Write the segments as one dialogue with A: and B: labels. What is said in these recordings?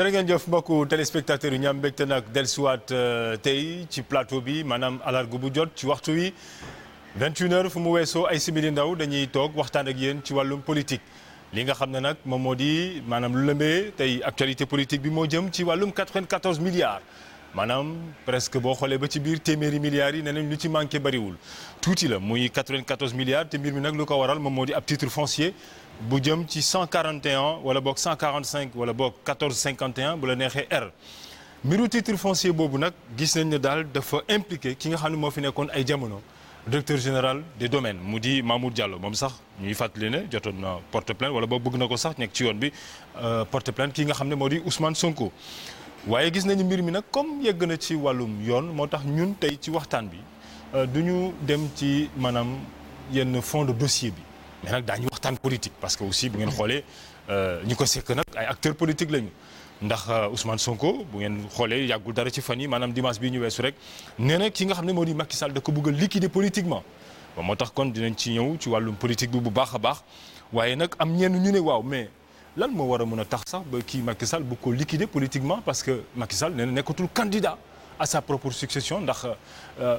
A: jërë ngeen jëf mbokku téléspectateurs yi ñu am mbégte nag dellusiwaat euh, tey ci plateau bi maanaam alargu bu jot ci waxtu wi 21h fu mu weesoo ay simili ndaw dañuy toog waxtaan ak yéen ci wàllum politique. li nga xam ne nag moom moo di maanaam lu lëmbee tey actualité politique bi moo jëm ci wàllum 94 milliards. maanaam presque boo xoolee ba ci biir téeméeri milliards yi nee nañ lu ci manqué bariwul tuuti la muy 94 milliards te mbir mi nag lu ko waral moom moo di ab titre foncier. bu jëm ci 141 wala boog 145 wala boog 1451 bu la neexee R mbiru titre foncier boobu nag gis nañ ne daal dafa impliqué ki nga xam ne moo fi nekkoon ay jamono directeur général de domaines mu di Mamour Diallo moom sax ñuy fàttali ne jotoon na porte plainte wala boog bëgg na ko sax nekk ci yoon bi euh, porte plainte ki nga xam ne moo di Ousmane Sonko. waaye gis nañu mbir mi nag comme yegg na ci wàllum yoon moo tax ñun tey ci waxtaan bi euh, du ñu dem ci maanaam yenn fond de dossier bi. mais nag daañu waxtaan politique parce que aussi bu ngeen xoolee euh, ñi ko sekk nag ay acteurs politiques lañu. ndax euh, Ousmane Sonko bu ngeen xoolee yàggul dara ci fan yi maanaam dimanche bi ñu weesu rek nee ki nga xam ne moo di Macky Sall da ko bëgg a liquider politiquement ba moo tax kon dinañ ci ñëw ci wàllum politique bi bu baax a baax waaye nag am ñenn ñu ne waaw mais lan moo war a mun a tax sax ba kii Macky Sall bu ko liquider politiquement parce que Macky Sall nee na nekkatul candidat à sa propre succession ndax euh,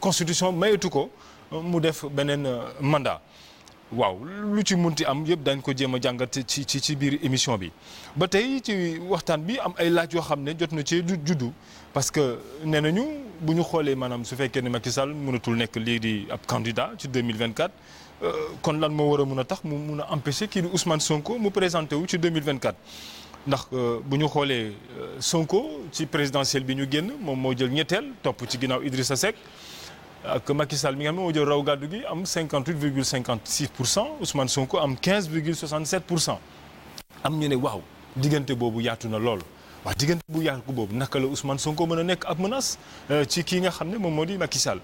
A: constitution mayetu ko mu def beneen mandat. waaw lu ci mun munti am yëpp dañ ko jéem a jàngat ci ci ci biir émission bi ba tey ci waxtaan bi am ay laaj yoo xam ne jot na cee juddu parce que nee nañu bu ñu xoolee maanaam su fekkee ne Macky Sall mënatul nekk lii di ab candidat ci 2024 euh, kon lan moo war a mun a tax mu mun a empêcher kii di Ousmane Sonko mu présenté wu ci 2024. ndax euh, bu ñu xoolee euh, Sonko ci présidentielle bi ñu génn moom moo jël ñetteel topp ci ginnaaw Idrissa Seck. ak Macky Sall mi nga xam ne moo jël raw gàddu gi am 58 virgule 56 pour cent Ousmane Sonko am 15 virgule 67 pour cent am ñu ne diggante boobu yaatu na lool. waaw diggante bu yaatu boobu naka la Ousmane Sonko mën a nekk ab menace euh, ci kii nga xam ne moom moo di Macky Sall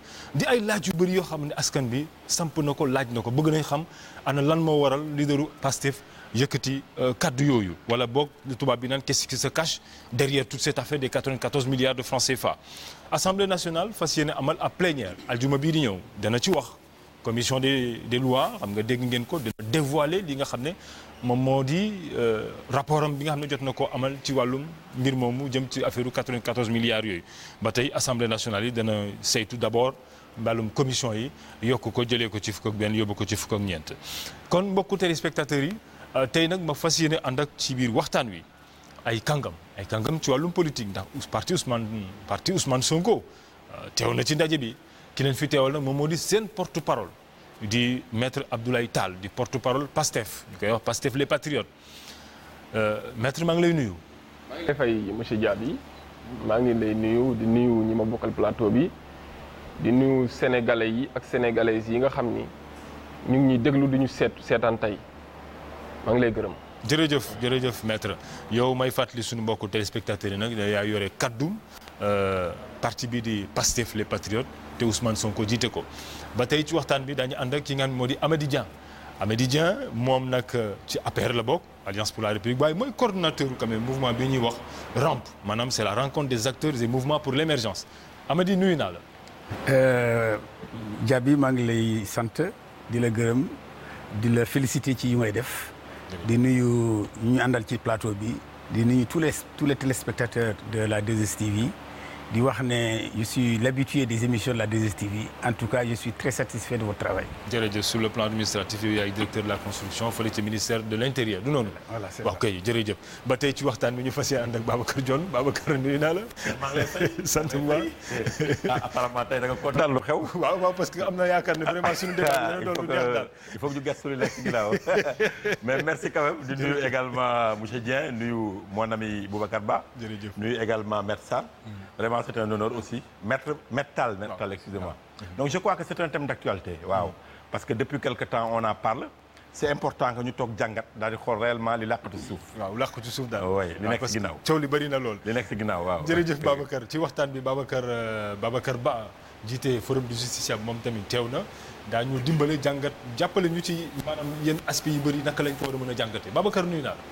A: ay laaj yu bëri yoo xam ne askan bi samp na ko laaj na ko bëgg nañ xam ana lan moo waral leaderu Pastef yëkkati euh, kaddu yooyu wala boog tubaab bi naan qu'est-ce qui se cache derrière toute cette affaire des 94 milliards de francs CFA assemblée nationale fas yéene amal ab plénière aljuma bii di ñëw dana ci wax commission des des lois xam nga dégg ngeen ko dana dévoiler li nga xam ne moom moo di euh, rapport am bi nga xam ne jot na koo amal ci wàllum mbir moomu jëm ci affaire 94 milliards yooyu ba tey assemblée nationale yi dana saytu d'abord mbàllum commission yi yokk ko jëlee ko ci fukk benn yóbbu ko ci fukk ak ñeent kon mbokku téléspectateurs yi euh, tey nag ma fas yéene ànd ak ci biir waxtaan wi ay kàngam ay kàngam ci wàllum politique ndax parti Ousmane parti Ousmane Sonko euh, teew na ci ndaje bi ki leen fi teewal nag moom moo di seen porte parole di maître Abdoulaye Tall di porte parole PASTEF ñu koy wax PASTEF les patriotes euh, maître maa ngi lay nuyu. maa ngi lay fay
B: monsieur maa ngi lay nuyu di nuyu ñi ma bokkal plateau bi di nuyu sénégalais yi ak sénégalaises yi nga xam ni ñu ngi ñuy déglu du ñu seet seetaan tey
A: maa ngi lay gërëm. jërëjëf jërëjëf maitre yow may fàttali suñu mbokku téléspectateurs yi nag yaa yore kaddu euh, parti bi di Pastef les Patriotes te Ousmane Sonko jiite ko ba tey ci waxtaan bi daañu ànd ak ki nga moo di amadi Dieng amadi Dieng moom nag euh, ci APR la bokk Alliance pour la République waaye mooy coordonnateur quand même mouvement bi ñuy wax RAMP maanaam c'est la rencontre des acteurs et mouvements pour l'émergence amadi nuyu naa la.
C: Diaby euh, maa ngi lay sant di la gërëm di la féliciter ci yi def. di nuyu ñu àndal ci plateau bi di nuyu tous les tous les téléspectateurs de la 2 di wax ne je suis l'habitué des émissions de la 2STV en tout cas je suis très satisfait de votre travail.
A: jërëjëf sur le plan administratif yow yaay directeur de la construction fële ci ministère de l'intérieur du noonu. voilà c'est vrai waaw kay ba tey ci waxtaan bi ñu fas yéene ànd ak Babacar Dione Babacar nuyu naa la.
D: Ah, il faut que ñu gëstu li nekk ci ginnaaw mais merci quand même. di nuyu également monsieur Dieng nuyu mon ami Boubacar Ba. jërëjëf vraiment c'est un honneur aussi maître maître Tall maître Tall excusez-moi donc je crois que c'est un thème d'actualité waaw mm-hmm. parce que depuis quelque temps on li bëri na lool. li nekk si ginnaaw waaw. jërëjëf Babacar
A: ci waxtaan bi Babacar euh, Babacar Ba jiite forum du justiciable moom tamit teew na daañu dimbale jàngat jàppale ñu ci maanaam yenn aspects yu bëri naka lañ ko war a mën a jàngatee Babacar nuyu naa la.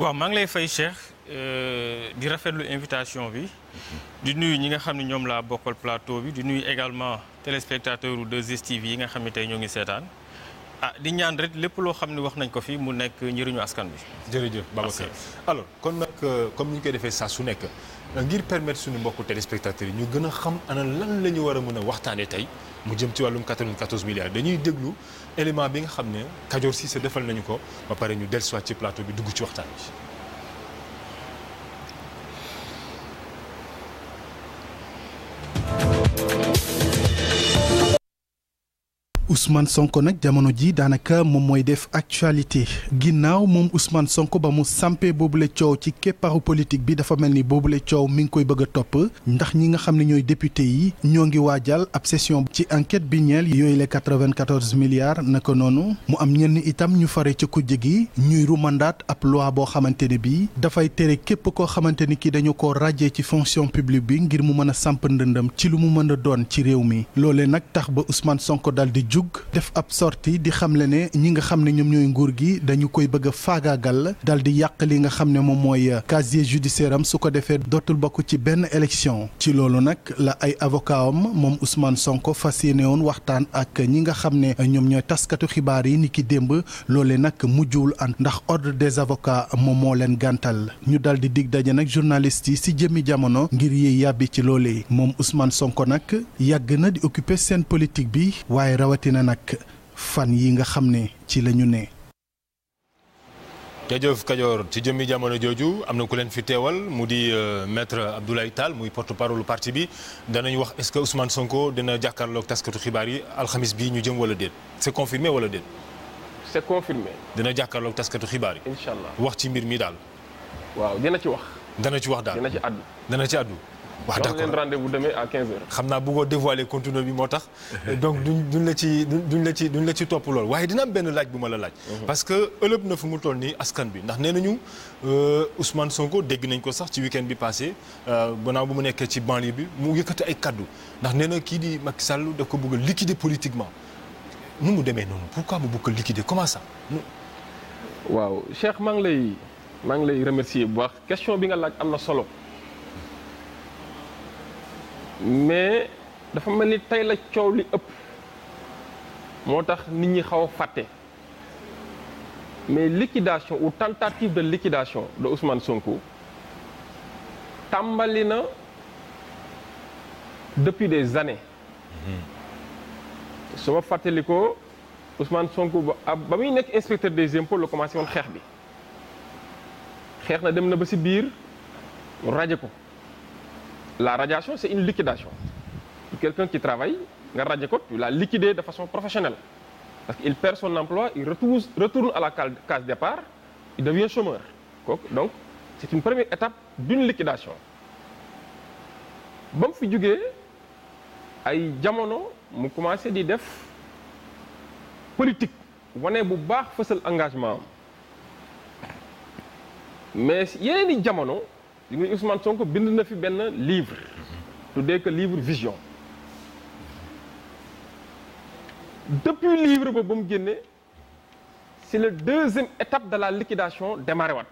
E: waaw maa ngi lay fay Cheikh euh, di rafetlu invitation bi di nuyu ñi nga xam ne ñoom laa bokkal plateau bi di nuyu également téléspectateur de 2 yi nga xam ne tey ñoo ngi seetaan ah di ñaan rek lépp loo xam ne wax nañ ko fii mu nekk njëriñu askan bi.
A: jërëjëf Babacar alors kon nag euh, comme ni ñu koy defee saa su nekk ngir permettre suñu mbokku téléspectateurs yi ñu gën xam ana lan la ñu war a mën a waxtaanee tey mu jëm ci wàllum 94 milliards dañuy déglu. élément bi nga xam ne Kajoor Cissé defal nañu ko ba pare ñu del dellusiwaat ci plateau bi dugg ci waxtaan bi.
F: Ousmane Sonko nag jamono ji daanaka moom mooy def actualité ginnaaw moom Ousmane sonk ba mu sampee boobule coow ci képparu politique bi dafa mel ni boobule coow mi ngi koy bëgg a topp ndax ñi nga xam ne ñooy député yi ñoo ngi waajal ab session ci enquête bi ñeel yooyu les 94 milliards naka noonu mu am ñenn itam ñu fare ci kujje gi ñuy rumandaat ab loi boo xamante ne bii dafay tere képp koo xamante ni ki dañu ko ràjjee ci fonction publique bi ngir mu mën a samp ndëndam ci lu mu mën a doon ci réew mi jug def ab sortie di xamle ne ñi nga xam ne ñoom ñooy nguur gi dañu koy bëgg a faagaagal dal di yàq li nga xam ne moom mooy casier judiciaire am su ko defee dootul bokk ci benn élection ci loolu nag la ay avocat moom Ousmane Sonko fas yéene woon waxtaan ak ñi nga xam ne ñoom ñooy taskatu xibaar yi ni ki démb loolee nag mujjul ànd ndax ordre des avocats moom moo leen gàntal ñu dal di dig daje nag journaliste yi si jëmmi jamono ngir yi yàbbi ci loolee moom na bi rawatina nag fan yi nga xam ne ci la ñu ne.
A: jërëjëf Kajoor ci jëmmi jamono jooju am na ku leen fi teewal mu di euh, maître Abdoulaye Tall muy porte parole parti bi danañ wax est-ce que Ousmane Sonko dina jàkkaarloog taskatu xibaar yi alxamis bi ñu jëm wala déet c'est confirmé wala déet. c'est confirmé. dina jàkkaarloog taskatu xibaar yi. incha allah wax ci mbir mi daal. waaw dina ci wax. dana ci wax daal dina ci àddu. dana ci àddu. wax d' accord jox leen rendez-vous demain à 15h. xam naa bëggoo dévoiler contenu bi moo tax. donc duñ duñ la ci duñ la ci duñ la ci topp lool waaye dina benn laaj bu ma la laaj. Mhm. parce que ëllëg na fu mu toll nii askan bi ndax nee nañu euh, Ousmane Sonko dégg nañ ko sax ci week bi bi passé euh, gannaaw bu mu nekkee ci banlieue bi mu yëkkati ay kaddu ndax nee na kii di mag Sall da ko bëgg a liquider politiquement nu mu demee noonu pourquoi mu bëgg a liquider comment ça.
B: waaw Cheikh maa ngi lay maa ngi lay remercier bu baax question bi nga laaj am na solo. mais dafa mel ni tey la coow li ëpp moo tax nit ñi xaw a fàtte mais liquidation ou tentative de liquidation de Ousmane Sonko tàmbali na depuis des années.
G: Mhm.
B: su ma fàttali ko Ousmane Sonko ba ba muy nekk inspecteur des impôts la commencé woon xeex bi xeex na dem na ba si biir raje ko. la radiation c'est une liquidation quelqu'un qui travaille nga radier ko tu l'as liquidé de façon professionnelle parce qu'il perd son emploi il retourne retourne à la case départ il devient chômeur donc c'est une première étape d'une liquidation ba mu fi jógee ay jamono mu commencé di def politique wane bu baax fësal engagement am mais yeneen i jamono li nga Ousmane Sonko bind na fi benn livre tuddee ko livre vision depuis livre ba ba mu génnee c'est la deuxième étape de la liquidation démarré wat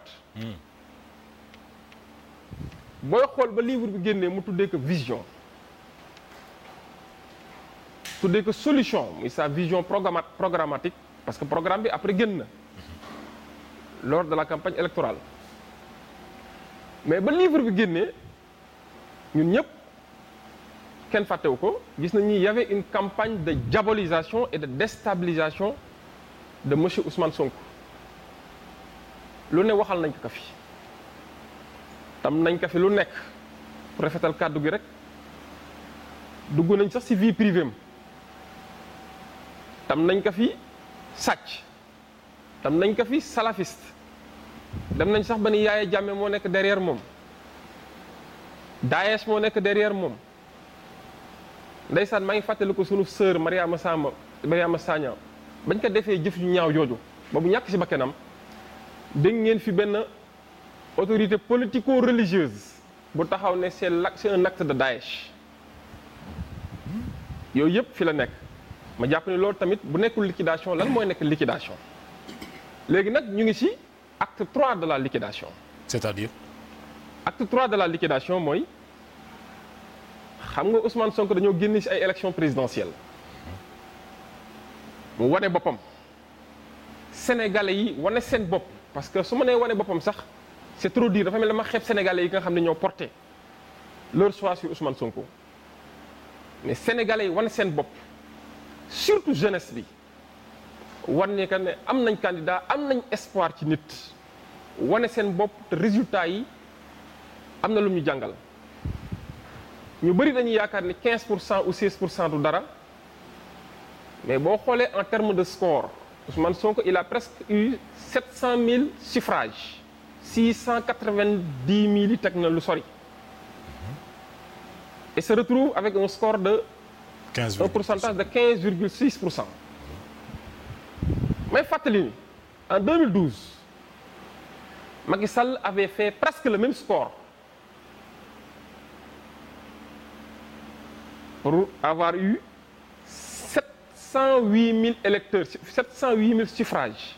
B: booy xool ba livre bi génnee mu tuddee ko vision tuddee ko solution muy sa vision programmatique parce que programme bi après génn na lors de la campagne électorale mais ba livre bi génnee ñun ñëpp kenn fàttewu ko gis nañu y avait une campagne de jabolisation et de déstabilisation de monsieur Ousmane Sonko lu ne waxal nañ ko fi tam nañ ko fi lu nekk pour rafetal kàddu gi rek dugg nañ sax ci vie privée tam nañ ko fi sàcc tam nañ ko fi salafiste dem nañ sax ba ni Yaya Jammeh moo nekk derrière moom Daesh moo nekk derrière moom ndeysaan maa ngi fàttaliku sunu sœur Mariama Samba Mariama Sagna bañ ko defee jëf yu ñaaw jooju ba bu ñàkk si bakkanam dégg ngeen fi benn autorité politico-religieuse bu taxaw ne c'est c'est un acte de Daesh yooyu yëpp fi la nekk ma jàpp ne loolu tamit bu nekkul liquidation lan mooy nekk liquidation léegi nag ñu ngi ci acte trois de la liquidation. c'est-à-dire. acte trois de la liquidation mooy xam nga Ousmane Sonko dañoo génne si ay élections présidentielles mu wane boppam sénégalais yi wane seen bopp parce que su ma nee wane boppam sax c'est trop dur dafa mel dama xeeb sénégalais yi nga xam ne ñoo porté leur choix sur Ousmane Sonko mais sénégalais yi wane seen bopp surtout jeunesse bi. wan ne que ne am nañ candidat am nañ espoir ci nit wane seen bopp te résultat yi am na lu ñu jàngal ñu bëri dañuy yaakaar ni 15 pour cent ou pour cent du dara mais boo xoolee en terme de score man Sonko il a presque eu 700 000 suffrages 690 000 yi teg na lu sori et se retrouve avec un score de 15 un pourcentage de quinze virgule 6 pour cent may fàttali ni en 2012 Macky Sall avait fait presque le même score pour avoir eu mille 000 électeurs 708 000 suffrages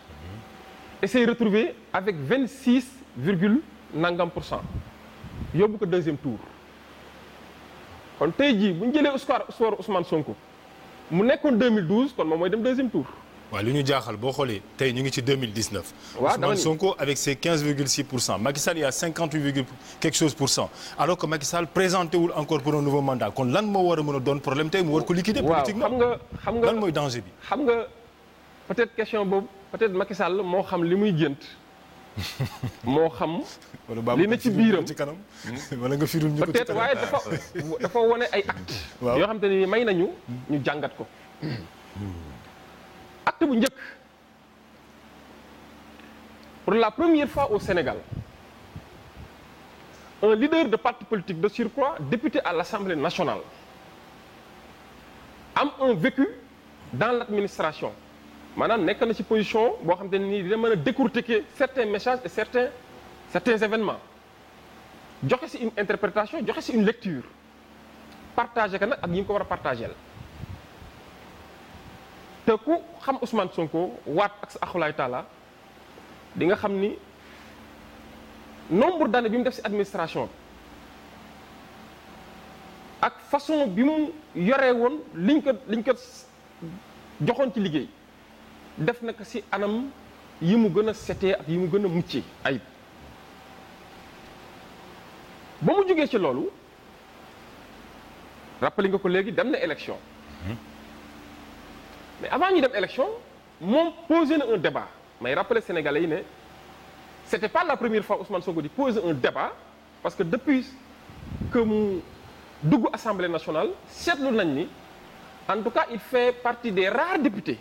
B: et s'est retrouvé avec vingt 26 virgule nangam pour cent yóbbu ko deuxième tour kon tey jii bu ñu jëlee score score Ousmane Sonko mu nekkoon 2012 kon moom mooy dem deuxième tour.
A: waaw li ñu jaaxal boo xoolee tey ñu ngi ci 2019. waaw Ousmane Sonko avec ses 15 virgule 6 pour cent Macky Sall il y a 58 virgule quelque chose pour cent alors que Macky Sall présenté wul encore pour un nouveau mandat kon lan moo war a mën a doon problème tey mu war ko liquider. politiquement xam nga xam lan mooy danger bi. xam nga peut-être question boobu peut-être Macky Sall moo
B: xam li muy gént. moo xam. li na ci biiram ci kanam.
A: wala nga firul ñu ko peut-être waaye dafa
B: dafa wane ay actes. yoo xam te ni may nañu ñu jàngat ko. Hmm. acte bu njëkk pour la première fois au Sénégal un leader de parti politique de surcroît député à l'Assemblée nationale am un vécu dans l'administration maanaam nekk na ci position boo xam te nii dina mën a décortiquer certains messages et certains certains événements joxe ci une interprétation joxe ci une lecture partagé ko nag ak ñi ko war a partagé la te ku xam Ousmane Sonko waat ak sa axulaay taala di nga xam ni nombre d'années bi mu def si administration bi ak façon bi mu yore woon liñ ko liñ ko joxoon ci liggéey def na ko si anam yi mu gën a setee ak yi mu gën a muccee ayib ba mu jógee ci loolu rappali nga ko léegi dem na élection mais avant ñuy dem élection moom posé na un débat may rappeler sénégalais yi ne c'était pas la première fois Ousmane Sonko di poser un débat parce que depuis que mu dugg assemblée nationale seetlu nañ ni en tout cas il fait partie des rares députés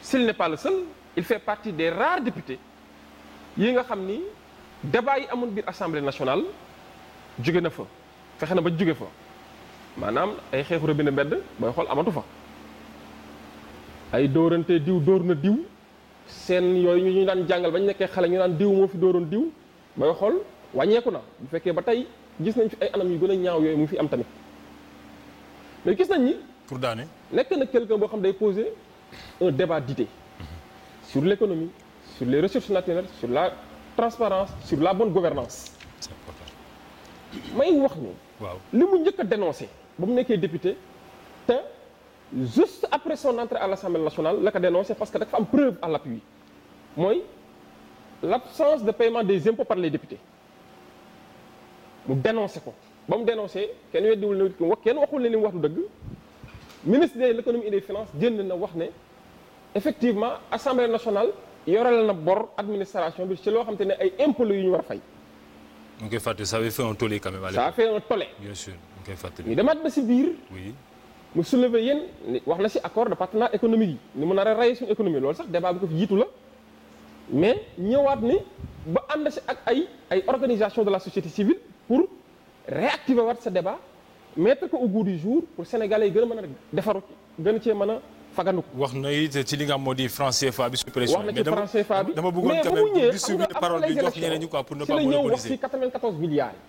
B: s'il n'est pas le seul il fait partie des rares députés yi nga xam ni débat yi amoon biir assemblée nationale jóge na fa fexe na ba jóge fa maanaam ay xeexu robinet mbedd booy xool amatu fa ay dóorante diw dóor na diw seen yooyu ñu daan jàngal bañ nekkee xale ñu daan diw moo fi dóoroon diw mooy xool wàññeeku na bu fekkee ba tey gis nañ fi ay anam yu gën a ñaaw yooyu mu fi am tamit mais gis nañ ni. pour daane nekk na quelqu'un boo xam day poser un débat d'idées mm-hmm. sur l'économie sur les ressources naturelles sur la transparence sur la bonne gouvernance c'est may wax ni. waaw li mu njëkk a dénoncé ba mu nekkee député juste après son entrée à l'Assemblée nationale la ko dénoncé parce que dafa am preuve à l'appui mooy l'absence de paiement des impôts par les mu dénoncé ko ba mu dénoncé kenn weddiwul ne wax kenn waxul ne li mu wax du dëgg ministre de l'économie et des finances jënd na wax ne effectivement assemblée nationale yorel na bor administration bi ci loo xam te ne ay impôts yu ñu war a fay.
A: ñu koy fàttali ça avait fait un tollé quand même. à l'époque a fait un tollé. bien sûr
B: ñu ba mu soulever yéen wax na si accord de partenariat économique yi ni mu nar a rey suñu économie loolu sax débat bi ko fi jiitu la mais ñëwaat ni ba na si ak ay ay organisation de la société civile pour réactiver waat sa débat mettre ko au goût du jour pour sénégalais yi gën a mën a defaru gën cee mën a fagandu ko.
A: wax na it ci li nga moo di franc CFA bi suppression. wax na ci
B: franc CFA bi mais dama bëggoon quand même pour distribuer parole bi jox ñëw wax si milliards yi.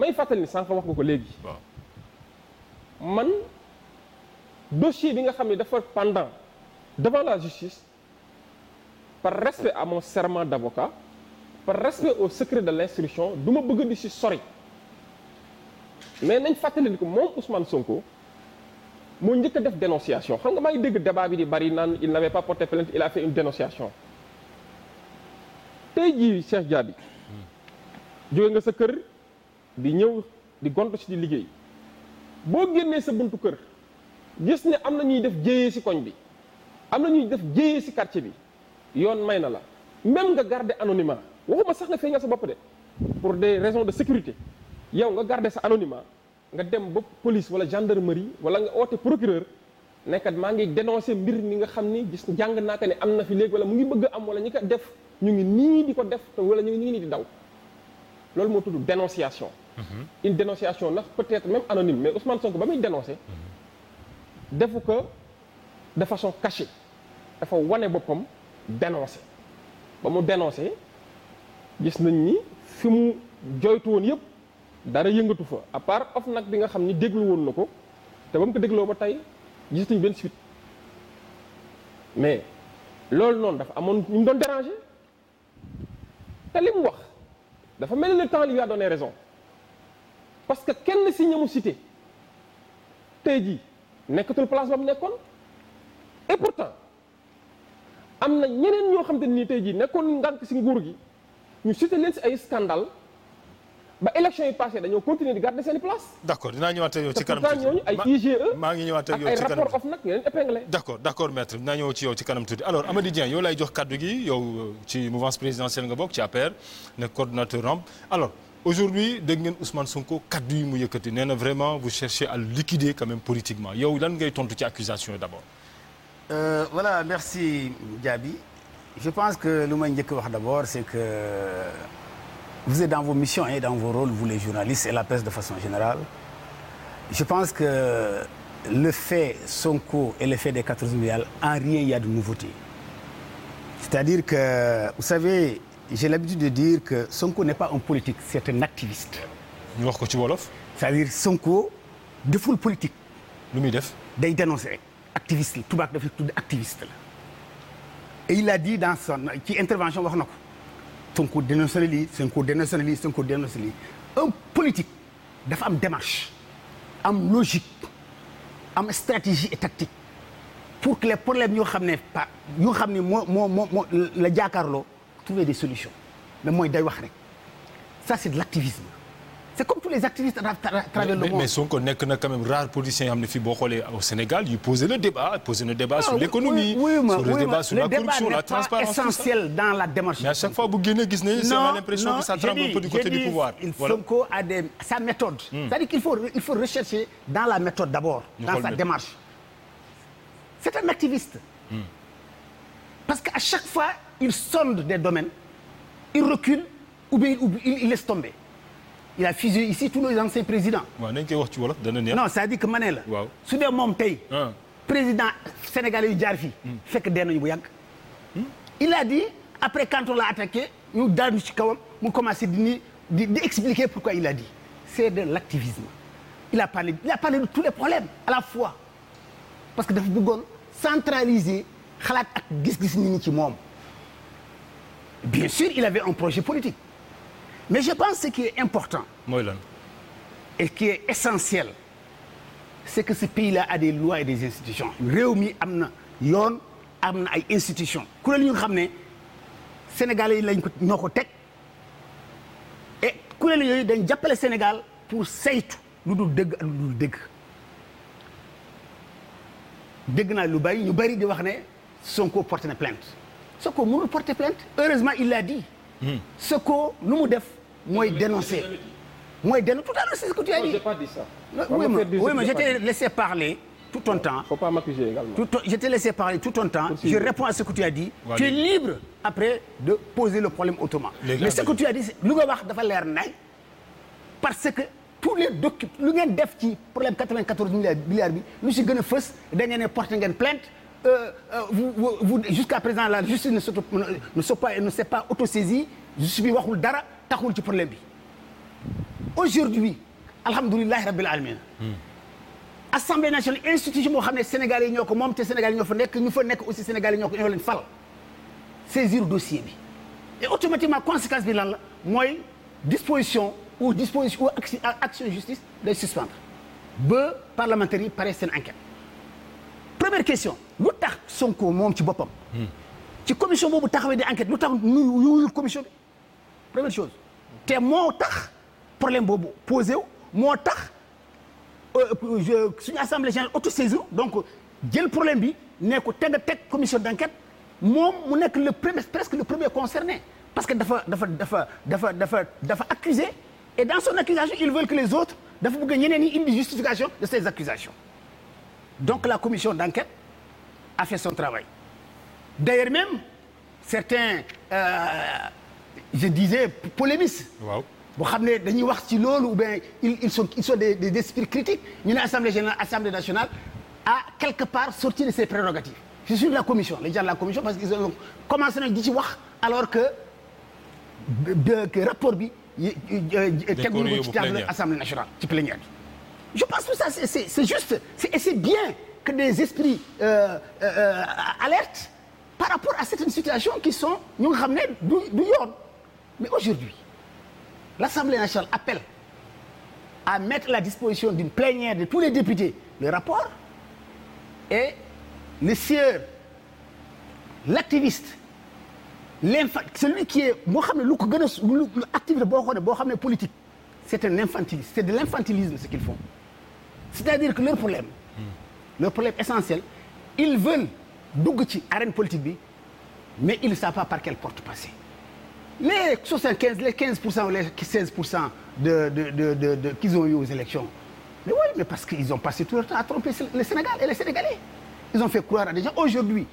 B: may fàttali ni sànq wax nga ko léegi. waaw. man dossier bi nga xam ne dafa pendant devant la justice par respect à mon serment d'avocat par respect au secret de l'instruction du ma bëgg di si sori mais nañ fàttali ko moom Ousmane Sonko moo njëkk def dénonciation xam nga maa ngi dégg débat bi di bari naan il n'avait pas porté plainte il a fait une dénonciation tey jii Cheikh Diaby jóge nga sa kër di ñëw di gont si di liggéey boo génnee sa buntu kër gis ne am na ñuy def jéyee ci koñ bi am na ñuy def jéyee ci quartier bi yoon may na la même nga garder anonymat waxuma sax nga feeñal sa bopp de pour de raisons de sécurité yow nga garde sa anonymat nga dem ba police wala gendarmerie wala nga oote procureur nekkat maa ngi dénoncer mbir mi nga xam ni gis jàng naa ko ne am na fi léegi wala mu ngi bëgg am wala ñi ko def ñu ngi nii di ko def wala ñu ngi nii di daw loolu moo dénonciation Mm-hmm. une dénonciation nag peut-être même anonyme mais Ousmane Sonko ba muy dénoncé mm-hmm. defu ko de façon cachée dafa wane boppam dénoncé ba mu dénoncé gis nañ ni fi mu joytu woon yëpp dara yëngatu fa à part of nag bi nga xam ni déglu woon na ko te ba mu ko dégloo ba tey gisatuñ benn suite mais loolu noonu dafa amoon ñu mu doon déranger te li mu wax dafa mel ni le temps lui a donné raison parce que kenn si ñamu cité tey jii nekkatul place ba mu nekkoon et pourtant am na ñeneen ñoo xam te nii tey jii nekkoon ngànk si nguur gi ñu cité leen si ay scandale ba élection yi passé dañoo continuer di garder seen place.
A: d' accord dinaa ñëwaat yow ci kanam tuuti ñooñu ay IGE. maa ngi ñëwaat yow ci kanam ay rapport of nag nga leen épinglé. d' accord d' accord ci yow ci kanam tuuti lay jox kaddu gi yow ci mouvance présidentielle nga bokk ci APR nekk coordonnateur ramp alors. aujourd'hui dégg ngeen Ousmane Sonko kaddu yi mu yëkkati nee na vraiment vous cherchez à le liquider quand même politiquement yow lan ngay tontu ci accusation yi d'abord.
C: Euh, voilà merci Diaby je pense que lu may njëkk wax d'abord c'est que vous êtes dans vos missions et dans vos rôles vous les journalistes et la presse de façon générale je pense que le fait Sonko et le fait des milliards en rien il a de nouveauté c'est-à-dire que vous savez j'ai l'habitude de dire que Sonko n'est pas un politique c'est un activiste. ñu wax ko ci wolof. c'est-à-dire Sonko deful politique. lu muy def. day dénoncer rek activiste la tubaab dafay tudd activiste la. et il a dit dans son ci intervention wax na ko Sonko dénoncé na lii Sonko dénoncé na lii Sonko dénoncé un politique dafa am démarche am logique am stratégie et tactique pour que les problèmes yoo xam ne pa yoo xam ne moo moo moo la jàkkaarloo. trouver des solutions mais mooy day wax comme tous les activistes à travers le monde. mais
A: Sonko nekk na quand même politicien yoo ne fii boo au Sénégal yu poser le débat poser le débat ah, sur l'économie sur le débat sur la corruption la transparence tout
C: le débat n'est la démarche. mais à chaque fois bu génne gis nañu. non non l'impression que ça tremble un peu du côté du pouvoir. voilà Sonko a des sa méthode. Hmm. c'est-à-dire qu'il faut il faut rechercher dans la méthode d'abord. dans il sonde des domaines, il recule ou bien il, il tombe tomber. il a fusé ici tous nos anciens présidents. wax ci wolof dana neex. non c'est-à-dire que ma ne la. su dee moom tey. Ah. président sénégalais yu jaar fii. Hmm. fekk dee nañu bu yàgg. Hmm? il a dit après quand on l'a attaqué ñu daanu ci kawam mu commencé di ni di di expliquer pourquoi il a dit c'est de l'activisme. il a parlé de tous les problèmes à la fois parce que dafa bëggoon centraliser xalaat ak gis-gis nit ci moom. bien sûr il avait un projet politique mais je pense ce qui est important. mooy lan. qui est essentiel c'est que ce pays-là a des lois et des institutions. réew mi am na yoon am na ay institutions. kuréel yu nga xam ne sénégalais yi lañ ko ñoo ko teg et kuréel yooyu dañ jàppale Sénégal pour saytu lu dul dëgg ak dëgg dëgg naa lu bari ñu bari di wax ne Sonko porté na plainte. Sonko mënul porter plainte heureusement il l'a dit. Hmm. Sonko lu mu def mooy dénoncer. mooy dénoncer tout à l'heure c'est ce que tu as dit. je t'ai laissé parler tout ton temps. faut pas m'accuser également. tout je t'ai laissé parler tout ton temps. je réponds à ce tu as dit. tu es libre après de poser le problème autrement. mais ce tu as dit lu nga wax dafa leer nañ. parce que tous les documents lu ngeen def ci problème 94 milliards milliards bi lu si gën a fës da ngeen ne porté ngeen plainte. Euh, euh, vous, vous, vous jusqu'à présent la justice ne se ne se pas ne s'est pas autosaisie justice bi waxul dara taxul ci problème bi aujourd'hui alhamdulilahi rabbil alamin hmm. assemblée nationale institution moo xam ne sénégalais yi ñoo ko moom te sénégalais ñoo fa nekk ñu fa nekk aussi sénégalais ñoo ko ñoo leen fal saisir dossier bi et automatiquement conséquence bi lan la mooy disposition ou disposition ou action justice day suspendre ba parlementaires yi pare seen enquête première question lu tax Sonko moom ci boppam. ci commission boobu taxawe di enquête lu tax ñu yuyul commission bi première te moo tax problème boobu posé wu moo tax euh, suñu assemblée générale autosaisir donc jël problème bi ne ko teg a teg commission d' enquête moom mu nekk le premier presque le premier concerné parce que dafa dafa dafa dafa dafa dafa accusé et dans son accusation ils veulent que les autres dafa bëgg ñeneen ñi indi justification de ces accusations Donc la commission d'enquête a fait son travail. D'ailleurs même, certains, euh, je disais, polémistes. waaw boo xam ne dañuy wax ci loolu ou bien ils ils sont ils des des critiques ñu ne assemblée générale assemblée nationale a quelque part sorti de ses prérogatives. je suis la commission dañu daan la commission parce que ils ont commencé nañ di ci wax alors que de, rapport bi. Euh, tegu ñu ko ci table assemblée nationale ci plénière je pense que ça c'est juste et c'est bien que des esprits euh, euh, euh, alertent par rapport à certaines situations qui sont ñu xam ne du du mais aujourd'hui l'Assemblée nationale appelle à mettre à la disposition d'une plénière de tous les députés le rapport et le sieur l'activiste l'infant celui qui est moo xam ne lu gën a activité boo xam ne boo xam ne politique c'est un infantilisme c'est de l'infantilisme ce qu'ils font c'est-à-dire que leur problème leur problème essentiel ils veulent dugg ci arène politique bi mais ils ne savent pas par quelle porte passer les soixante-quinze pour cent ou les seize pour cent de de de de qu'ils ont eu aux élections mais parce que ils ont passé tout leur temps à tromper le Sénégal et les Sénégalais ils ont fait croire à des aujourd'hui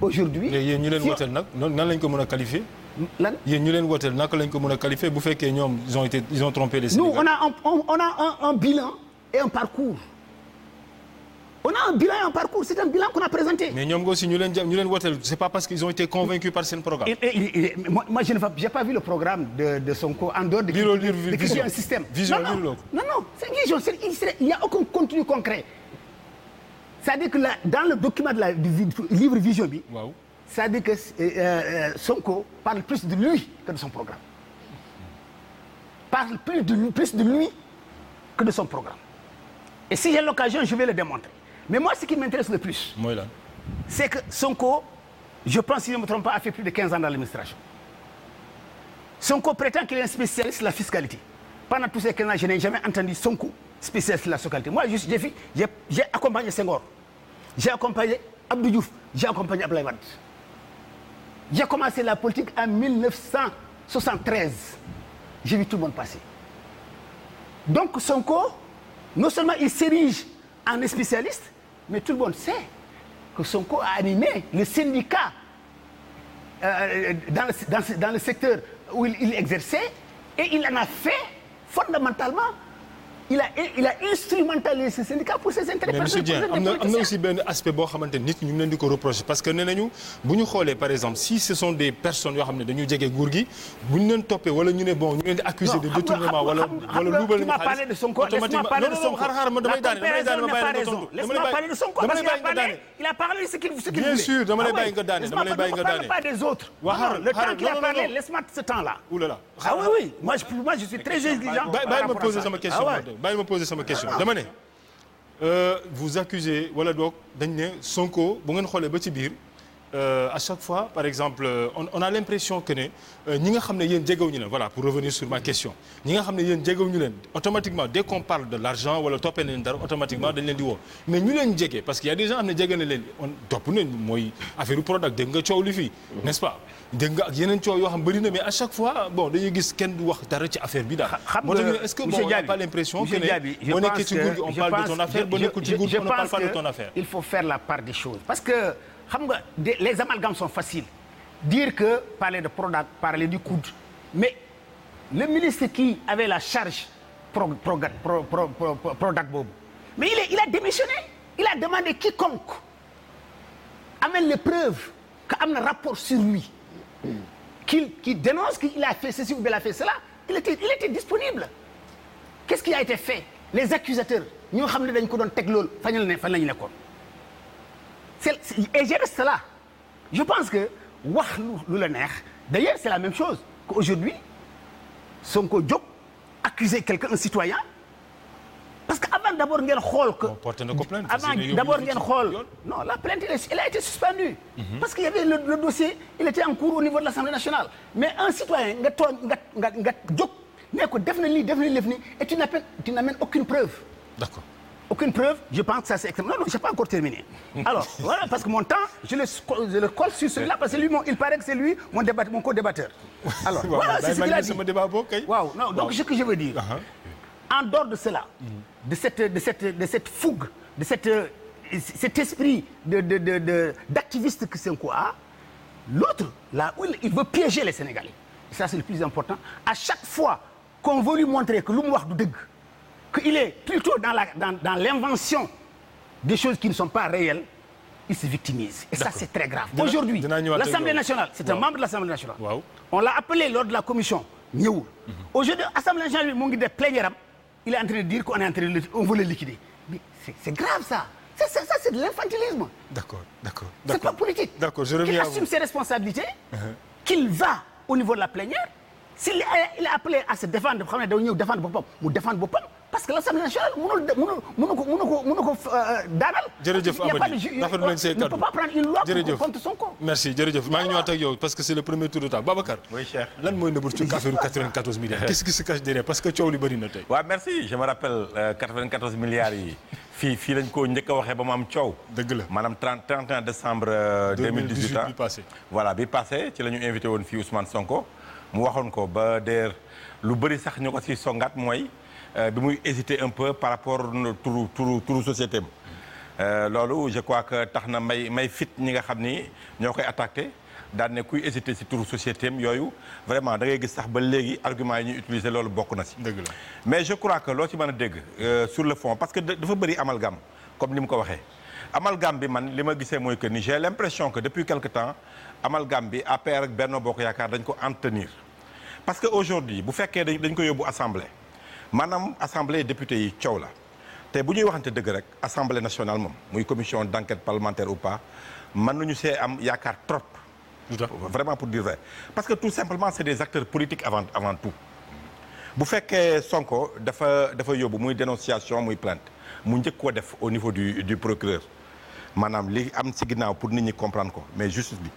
C: aujourd'hui yéen ñu leen wooteel
A: nag nan lañ ko mën a qualifier lan yéen ñu leen wooteel naka lañ ko mën a qualifier bu fekkee ñoom ils ont trompé les Sénégalais
C: nous on a un bilan et un parcours on a un bilan et un parcours c'est un bilan qu'on a présenté.
A: mais ñoom aussi ñu leen jàpp ñu leen wooteel c'est pas parce qu'ils ont été convaincus par seen programme.
C: j'ai pas vu le programme de de Sonko en dehors de. lii loolu lii système il y a aucun contenu concret c'est-à-dire que là dans le document de la du vision bi. waaw c'est-à-dire que euh, euh, Sonko parle plus de lui que de son programme parle plus de lui que de son programme. Et si j'ai l'occasion, je vais le démontrer. Mais moi, ce qui m'intéresse le plus, voilà. c'est que Sonko, je pense, si je ne me trompe pas, fait plus de 15 ans dans l'administration. Sonko prétend qu'il est un spécialiste la fiscalité. Pendant tous ces 15 ans, je n'ai jamais entendu Sonko spécialiste de la fiscalité. Moi, juste, j'ai vu, j'ai accompagné Senghor, j'ai accompagné Abdou Diouf, j'ai accompagné commencé la politique en 1973. J'ai vu tout le monde passer. Donc Sonko, non seulement il s'érige en spécialiste, mais tout le monde sait que Sonko a animé le syndicat euh, dans, le, dans, dans, le secteur où il, il exerçait et il en a fait fondamentalement il a il a instrumentalisé syndicat pour ses intérêts personnels. mais monsieur Dieng am na
A: aussi benn aspect boo xamante nit ñu ngi leen ko reprocher parce que nee nañu bu ñu xoolee par exemple si ce sont des personnes yoo xam dañu jege nguur bu ñu leen toppee wala ñu ne bon ñu leen di accuser de détournement wala wala luubal nañu xaalis automatiquement non non xaar xaar ma damay daane damay daane ma bàyyi
C: la nga daane dama lay ah bàyyi nga daane dama lay bàyyi
A: nga daane bàyyi ma poser sama question dama ne euh, vous accusez wala doog dañ ne Sonko bu ngeen xoolee ba ci biir Euh, à chaque fois par exemple euh, on, on a l'impression que euh, ñi nga xam ne yéen jegewuñu leen voilà pour revenir sur ma question ñi nga xam ne yéen jegewuñu leen automatiquement dès qu'on parle de l'argent wala toppee na dara automatiquement dañ leen di woo mais ñu leen jege parce que y des gens am ne jege na leen on topp mooy affaire product dégg nga coow li fii n'est-ce pas dégg nga yeneen coow yoo xam bëri mais à chaque fois bon gis kenn du wax dara ci affaire
C: xam nga les amalgames sont faciles dire que parler de Prodac parler du coude mais le ministre qui avait la charge pro Prodac pro, pro, boobu mais il est, il a démissionné il a demandé quiconque amène les preuves que am na rapport sur lui qu'il qui dénonce qu'il a fait ceci ou bien il a fait cela il était disponible qu'est-ce qui a été fait les accusateurs ñoo xam ne dañ ko doon teg loolu fañu ne fan la ñu nekkoon et je reste là je pense que wax lu la neex d'ailleurs c'est la même chose qu'aujourd'hui Sonko jóg accuser quelqu'un un citoyen parce que avant d'abord ngeen xool que avant d'abord ngeen xool non la plainte elle a été suspendue mhm. parce que y avait le dossier il était en cours au niveau de l'Assemblée nationale mais un citoyen nga tooñ nga nga nga jóg ne ko def na lii def na lii def ni et tu n'amènes tu n'amènes aucune preuve d'accord aucune preuve je pense que ça c'est extrêmement non parce que mon temps je le je le colle sur celui-là parce que il paraît que c'est lui mon débat alors voilà ce que je veux dire uh-huh. en dehors de cela de cette de cette de cette fougue de cette euh, cet esprit de de de de d'activiste que a l'autre là où il veut piéger les Sénégalais ça c'est le plus important à chaque fois qu'on veut montrer que lu mu wax du dëgg qu'il est plutôt dans la dans, dans l'invention des choses qui ne sont pas réelles il se victimise et ça c'est très grave aujourd'hui l'Assemblée nationale c'est un membre de l'Assemblée nationale wow. on l'a appelé lors de la commission ñëwul mhm. aujourd'hui Assemblée nationale bi mu ngi plénière il est en de dire qu'on est liquider c'est grave ça c'est de l'infantilisme d'accord c'est pas politique d'accord assume ses responsabilités uh-huh. qu'il va au niveau de la plénière parce que l'Assemblée nationale mënul mënul mënu ko mënu ko mënu ko euh, daanal. jërëjëf Amady rafetlu nañ say
A: maa ngi ñëwaat ak yow parce que c'est le premier tour de table Babacar. oui cher lan mooy nëbbu ci affaire 94 milliards. qu'est-ce qui se parce que coow
D: li bëri tey. waaw merci je me rappelle euh, milliards yi fii fii ko njëkk a waxee ba mu am coow. dëgg la maanaam 30 31 décembre. 2018 euh, bi passé voilà bi passé ci la ñu invité woon fii Ousmane Sonko mu waxoon ko ba der lu bëri sax ñu ko si songaat mooy Euh, bi muy hésiter un peu par rapport tour tour turu société am euh, loolu je crois que tax na may may fit ñi nga xam ni ñoo koy attaque daan ne kuy hésiter si turu société am yooyu vraiment da gis sax ba léegi argument yi ñuy utiliser loolu bokk na si. dëgg mais je crois que loo ci mën a dégg euh, sur le fond parce que dafa bëri amalgame comme ni mu ko waxee. amalgame bi man li ma gisee mooy que ni j'ai l'impression que depuis quelque temps amalgame bi APR ak Benno Bokk Yaakaar dañ ko entretenir parce que aujourd'hui bu fekkee dañ ko yóbbu assemblée. maanaam assemblée député yi coow la te bu ñuy waxante dëgg rek assemblée nationale moom muy commission d' enquête parlementaire ou pas mën nañu see am yaakaar trop. vraiment pour dire vrai parce que tout simplement c' est des acteurs politiques avant avant tout. bu fekkee Sonko dafa dafa yóbbu muy dénonciation muy plante mu njëkk ko def au niveau du du procureur maanaam li am si ginnaaw pour nit ñi comprendre ko mais justice bi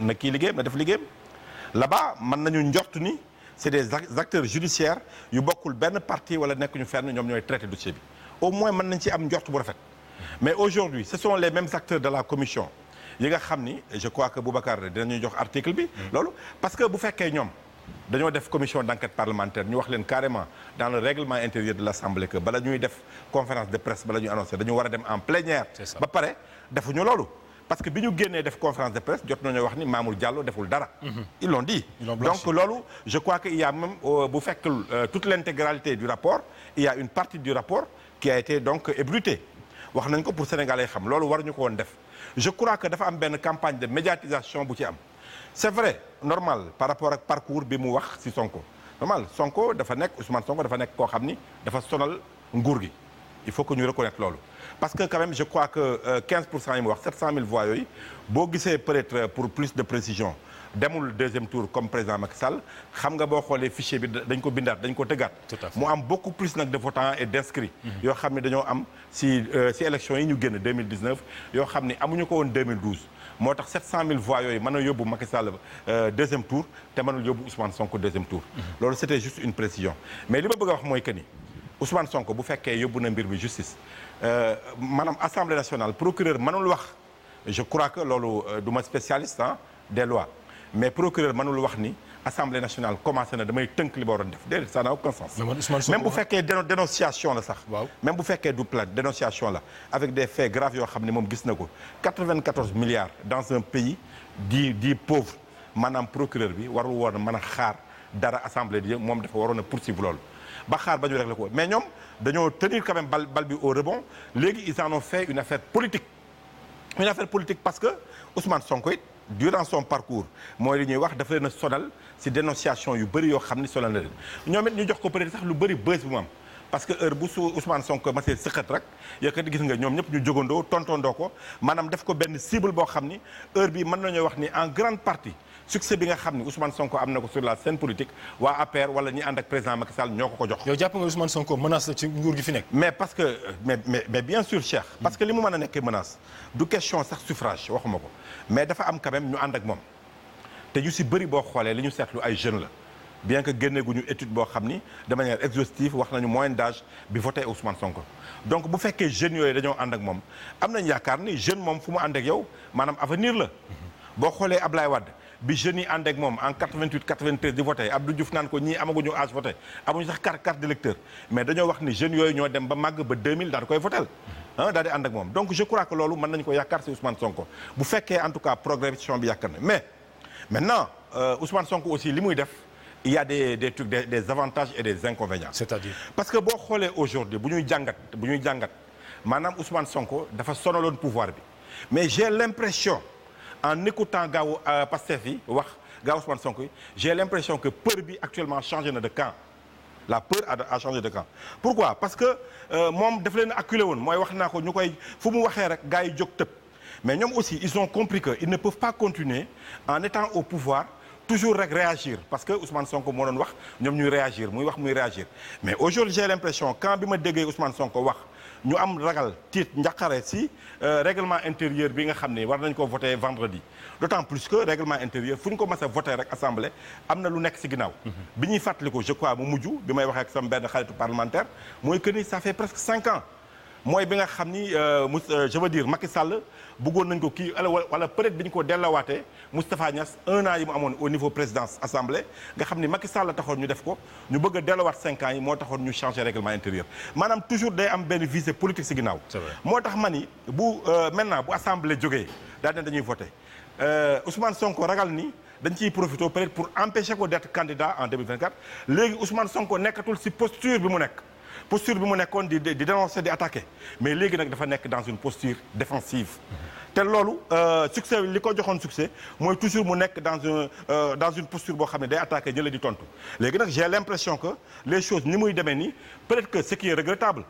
D: na kii liggéeyam na def liggéeyam là-bas mën nañu njort ni. c'est des acteurs judiciaires yu bokkul benn parti wala nekkuñu fenn ñoom ñooy traité dossier bi au moins mën nañ ci am njort bu rafet mais aujourd'hui ce sont les mêmes acteurs de la commission yi nga xam ni je crois que Boubacar ñu jox article bi mm. loolu parce que bu fekkee ñoom dañoo def commission d'enquête parlementaire ñu wax leen carrément dans le règlement intérieur de l'Assemblée que bala ñuy def conférence de presse bala ñuy annoncer dañu war a dem en plénière ba pare defuñu loolu parce que bi ñu génnee def conférence de presse jot nañu wax ni Mamour Diallo deful dara. ils l'ont dit. Ils donc loolu je crois que il y a même euh, bu fekk euh, toute l'intégralité du rapport il y une partie du rapport qui a été donc ébruitée wax nañ ko pour sénégalais xam loolu war ñu ko woon def je crois que dafa am benn campagne de médiatisation bu ci am. c'est vrai normal par rapport ak parcours bi mu wax ci Sonko normal Sonko dafa nekk Ousmane Sonko dafa nekk koo xam ni dafa sonal nguur gi il faut que ñu loolu. parce que quand même je crois que 15 euh, pour cent yi mu wax 700 000 voix yooyu boo gisee peut-être euh, pour plus de précision demul deuxième tour comme président Macky xam nga boo xoolee fichier bi dañ ko bindaat dañ ko tëggaat. mu am beaucoup plus nag de votants et d' mhm. yoo xam ne dañoo am si euh, si élection yi ñu génn 2019 yoo xam ne amuñu ko woon 2012. moo tax 700000 voix yooyu mën na yóbbu Macky Sall deuxième tour te mënul yóbbu Ousmane Sonko deuxième tour. Mhm. loolu c' juste une précision mais li ma bëgg wax mooy Ousmane Sonko bu fekkee yóbbu na mbir bi justice euh, maanaam assemblée nationale procureur mënul wax je crois que loolu euh, du ma spécialiste ah des lois mais procureur mënul wax ni assemblée nationale commencé na damay tënk li ba waroon def déedéet ça n'a aucun sens. même bu fekkee dénonciation la sax. même bu fekkee du plainte dénonciation la avec des faits graves yoo xam ne moom gis na ko 94 milliards dans un pays di di pauvre maanaam procureur bi warul woon a mën a xaar dara assemblée bi moom dafa waroon a poursuivre loolu. ba xaar ba ñu réglé ko mais ñoom dañoo tenir quand même bal bal bi au rebond léegi ils en ont fait une affaire politique une affaire politique parce que Ousmane Sonko it durant son parcours mooy li ñuy wax dafa leen a sonal ci dénonciation yu bëri yoo xam ni sonal na ñoom it ñu jox ko peut-être lu bëri bës bu am parce que heure bu su Ousmane Sonko masee sëqat rek yëkkati gis nga ñoom ñëpp ñu jógandoo tontondoo ko maanaam def ko benn cible boo xam ni heure bi mën nañoo wax ni en grande partie succès bi nga xam ne Ousmane Sonko am na ko sur la scène politique waa APR wala ñi ànd ak président Macky Sall ñoo ko ko jox. yow jàpp nga Ousmane Sonko menace la ci nguur gi fi nekk. mais parce que mais mais mais bien sûr Cheikh. parce que li mu mën a nekkee menace du question sax suffrage waxuma ko mais dafa am quand ñu ànd ak moom te ñu si bëri boo xoolee li ñu seetlu ay jeunes la. bien que génne gu ñu étude boo xam ni de manière exhaustive wax nañu moyenne d'âge bi voté Ousmane Sonko donc bu fekkee jeunes yooyu dañoo ànd ak am nañu yaakaar ni jeune moom fu mu ànd ak maanaam avenir la boo xoolee Ablaye bi jeunes yi ànd ak moom en 88 93 di voté Abdou Diouf naan ko ñii amaguñu âge voté amuñu sax carte carte d'électeur mais dañoo wax ni jeunes yooyu ñoo dem ba màgg ba 2000 daal di koy votel ah daal di ànd ak moom donc je crois que loolu mën nañu ko yaakaar si Ousmane Sonko bu fekkee en tout cas progression bi yàkk na mais maintenant euh, Ousmane Sonko aussi li muy def il y des des trucs des des avantages et des inconvénients. parce que boo xoolee aujourd'hui bu ñuy jàngat bu ñuy jàngat maanaam Ousmane Sonko dafa sonaloon pouvoir bi mais j'ai l'impression en écoutant gaawu euh, Pastef yi wax gaaw Ousmane Sonko yi j'ai l'impression que peur bi actuellement changé na de camp la peur a changé de camp pourquoi parce que euh, moom daf leen acculé woon mooy wax naa ko ñu koy fu mu waxee rek gars yi jóg tëb mais ñoom aussi ils ont compris que ils ne peuvent pas continuer en étant au pouvoir toujours rek réagir parce que Ousmane Sonko moo doon wax ñoom ñuy réagir muy wax muy réagir mais aujourd'hui j'ai l'impression quand bi ma déggee Ousmane Sonko wax ñu am ragal tiit njaqare si euh, règlement intérieur bi nga xam ne war nañ ko voté vendredi d'autant plus que règlement intérieur fu ñu ko mas a rek assemblée am na lu nekk si ginnaaw mhm. bi ñuy fàttaliku je crois mu mujj bi may waxee ak sama benn xaritu parlementaire mooy que ni ça fait presque cinq ans mooy bi nga xam ni euh, euh, je veux dire Macky Sall bëggoon nañ ko kii wala peut-être bi ñu ko dellawaatee Moustapha Niass un an yi mu amoon au niveau présidence assemblée nga xam ni Macky Sall taxoon ñu def ko ñu bëgg dellowaat dellawaat cinq ans yi moo taxoon ñu changer règlement intérieur maanaam toujours day am benn visée politique si ginnaaw moo tax ma ni bu euh, maintenant bu assemblée jógee daal ne dañuy voté Ousmane Sonko ragal ni dañ ciy profité peut-être pour empêcher ko d'être candidat en 2024 léegi Ousmane Sonko nekkatul si posture bi mu nekk posture bi mu nekkoon di di dénoncer di attaquer mais léegi nag dafa nekk dans une posture défensive te loolu euh, succès li ko joxoon succès mooy toujours mu nekk dans un euh, dans une posture boo xam ne day attaquer ñële di tontu léegi nag j'ai l'impression que les choses ni muy demee nii peut-être que ce qui est regrettable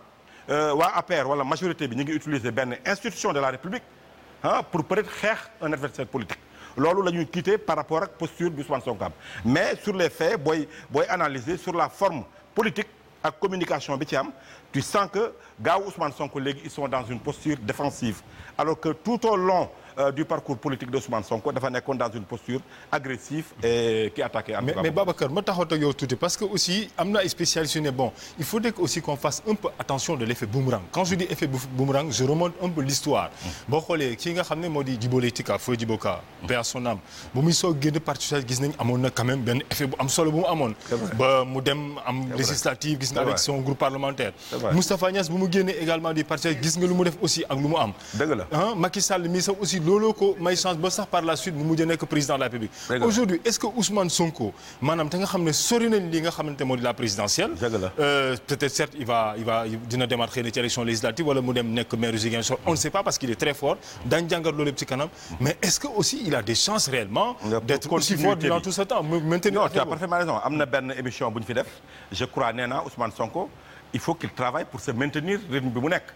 D: euh, waa APR wala majorité bi ñu ngi utiliser benn institution de la République pour peut-être xeex un adversaire politique loolu la ñuy quitter par rapport ak posture bi Ousmane Sonko am mais sur les faits booy booy analyser sur la forme politique ak communication bi ci am tu sens que gaaw Ousmane Sonko léegi ils sont dans une posture défensive alors que tout au long Euh, du parcours politique de Ousmane Sonko dafa nekkoon dans une posture agressive mais mais Babacar ma taxaw te yow tuuti parce que aussi am na ay bon
A: il faut que aussi qu'on fasse un peu attention de l'effet boomerang quand je dis effet boomerang je remonte un peu l'histoire boo xoolee kii nga xam ne moo di Djibo Leyti Ka Foy Djibo Ka. paix à son âme bu muy soog génn parti gis nañ amoon na quand benn effet bu am solo bu mu amoon. ba mu dem am législative looloo ko may chance ba sax par la suite mu mujj nekk président de la République aujourd'hui est-ce que Ousmane Sonko maanaam te nga xam ne sori nañ li nga xamante moo di la présidentielle euh, peut-être certes il va il va dina demaat xëy na ci élection législative wala nekk maire Ziguinchor on ne sait pas parce qu'il est très fort daañ jàngat loolu yëpp ci kanam mais est-ce a des chances réellement d'être aussi fort durant tout ce temps maintenir non tu as parfaitement
D: raison je crois nee naa Ousmane Sonko nekk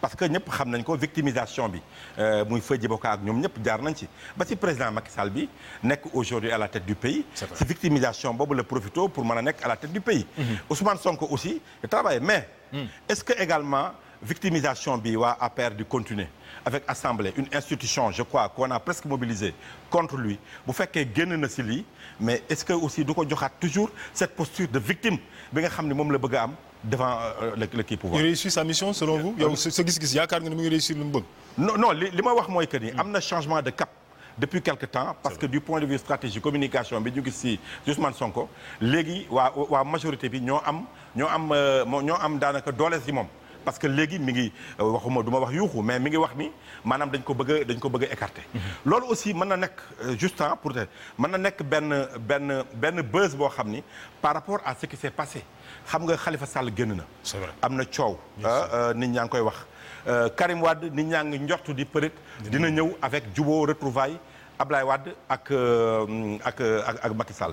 D: parce que ñëpp xam nañ ko victimisation bi euh, muy Feu Djibo Ka ñoom ñëpp jaar nañ ci ba ci président Macky Sall bi nekk aujourd'hui à la tête du pays victimisation boobu la profito pour mën a nekk à la tête du pays mm-hmm. Ousmane Sonko aussi travaille mais mm. est-ce que également victimisation bi waa APR di continuer avec assemblée une institution je crois qu'on a presque mobilisé contre lui bu fekkee génn na si lii mais est-ce que aussi du ko joxaat toujours cette de victime bi nga xam ne moom la bëgg am devant euh, le le kii pouvoir. il sa mission selon vous yow sa gis-gis yaakaar nga ni mu ngi réussir lu mu non li ma wax mooy que ni hmm. am na changement de cap. depuis quelque temps parce que du point de vue stratégie communication bi ñu gis si son Sonko léegi waa waa majorité bi ñoo am ñoo am euh, ñoo am daanaka doole si moom. parce que léegi mi ngi euh, waxuma du ma wax yuuxu mais mi ngi wax ni maanaam dañ ko bëgg dañ ko bëgg a écarter. Mm-hmm. loolu aussi mën na nekk euh, juste ah, pour te mën na nekk benn benn benn buzz boo xam ni par rapport à ce qui s'est passé xam nga Khalifa Sall génn na. c'est am na coow. Ah, euh, nit ñaa ngi koy wax. Karim wàdd nit ñaa ngi njortu di peut dina ñëw avec jubóo retrouvaille Ablaye wàdd ak ak ak ak Macky Sall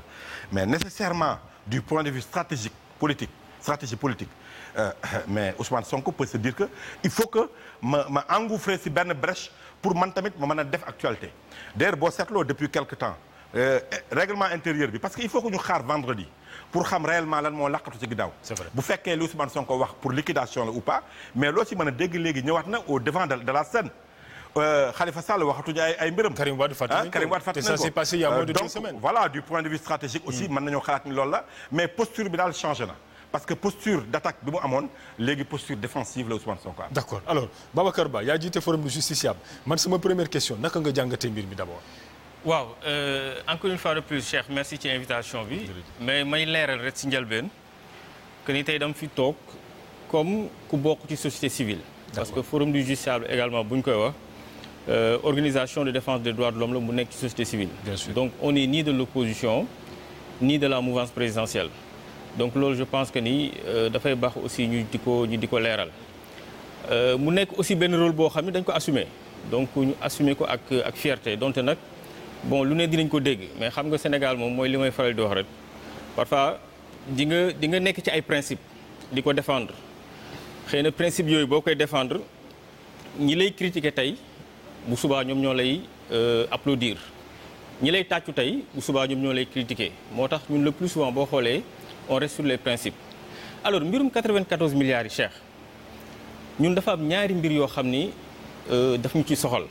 D: mais nécessairement du point de vue stratégique politique stratégie politique. Euh, mais Ousmane Sonko peut se dire que il faut que ma ma engouffrer si benn brèche pour man tamit ma mën a def actualité d'ailleurs boo seetloo depuis quelque temps Euh, règlement intérieur bi parce que il faut que ñu xaar vendredi pour xam réellement lan moo laqatu ci ginnaaw bu fekkee li Ousmane Sonko wax pour liquidation la ou pas mais loo ci mën a dégg léegi ñëwaat na au devant de la scène euh, Khalifa Sall waxatuñu ay mbiram. Karim Wade fàttali ah, a moins euh, hmm. ni loolu la mais posture bi changé na parce que posture d'attaque bi mu amoon léegi posture défensive la Ousmane Sonko am. d'accord alors Babacar Ba yaa jiite forum du
A: justiciable man sama première question naka nga jàngatee mbir mi d'abord.
E: waaw euh, encore une fois de plus Cheikh merci ci invitation bi. mais may leeral rek si njalbeen que ni tey dama fi toog comme ku bokk ci société civile. parce que forum du justiciable également bu ñu koy wax. Euh, organisation de défense des droits de l'homme la mu nekk ci société civile. Bien sûr. donc on est ni de la mouvance présidentielle. donc loolu je pense que nii euh, dafay baax aussi ñu di ko ñu di ko leeral euh, mu nekk aussi benn rôle boo xam ne dañ ko assumer donc ñu assumer ko ak ak fierté donte nag bon lu ne dinañ ko dégg mais xam nga Sénégal moom mooy li may faral di wax rek parfois di nga di nga nekk ci ay principe di ko défendre xëy na principe yooyu boo koy défendre ñi lay critiquer tey bu subaa ñoom ñoo lay euh, applaudir ñi lay tàccu tey bu subaa ñoom ñoo lay critiquer moo tax ñu le plus souvent boo xoolee on reste sur les principes alors mbirum 94 milliards yi Cheikh ñun dafa am ñaari mbir yoo xam ni euh, daf ñu ci soxal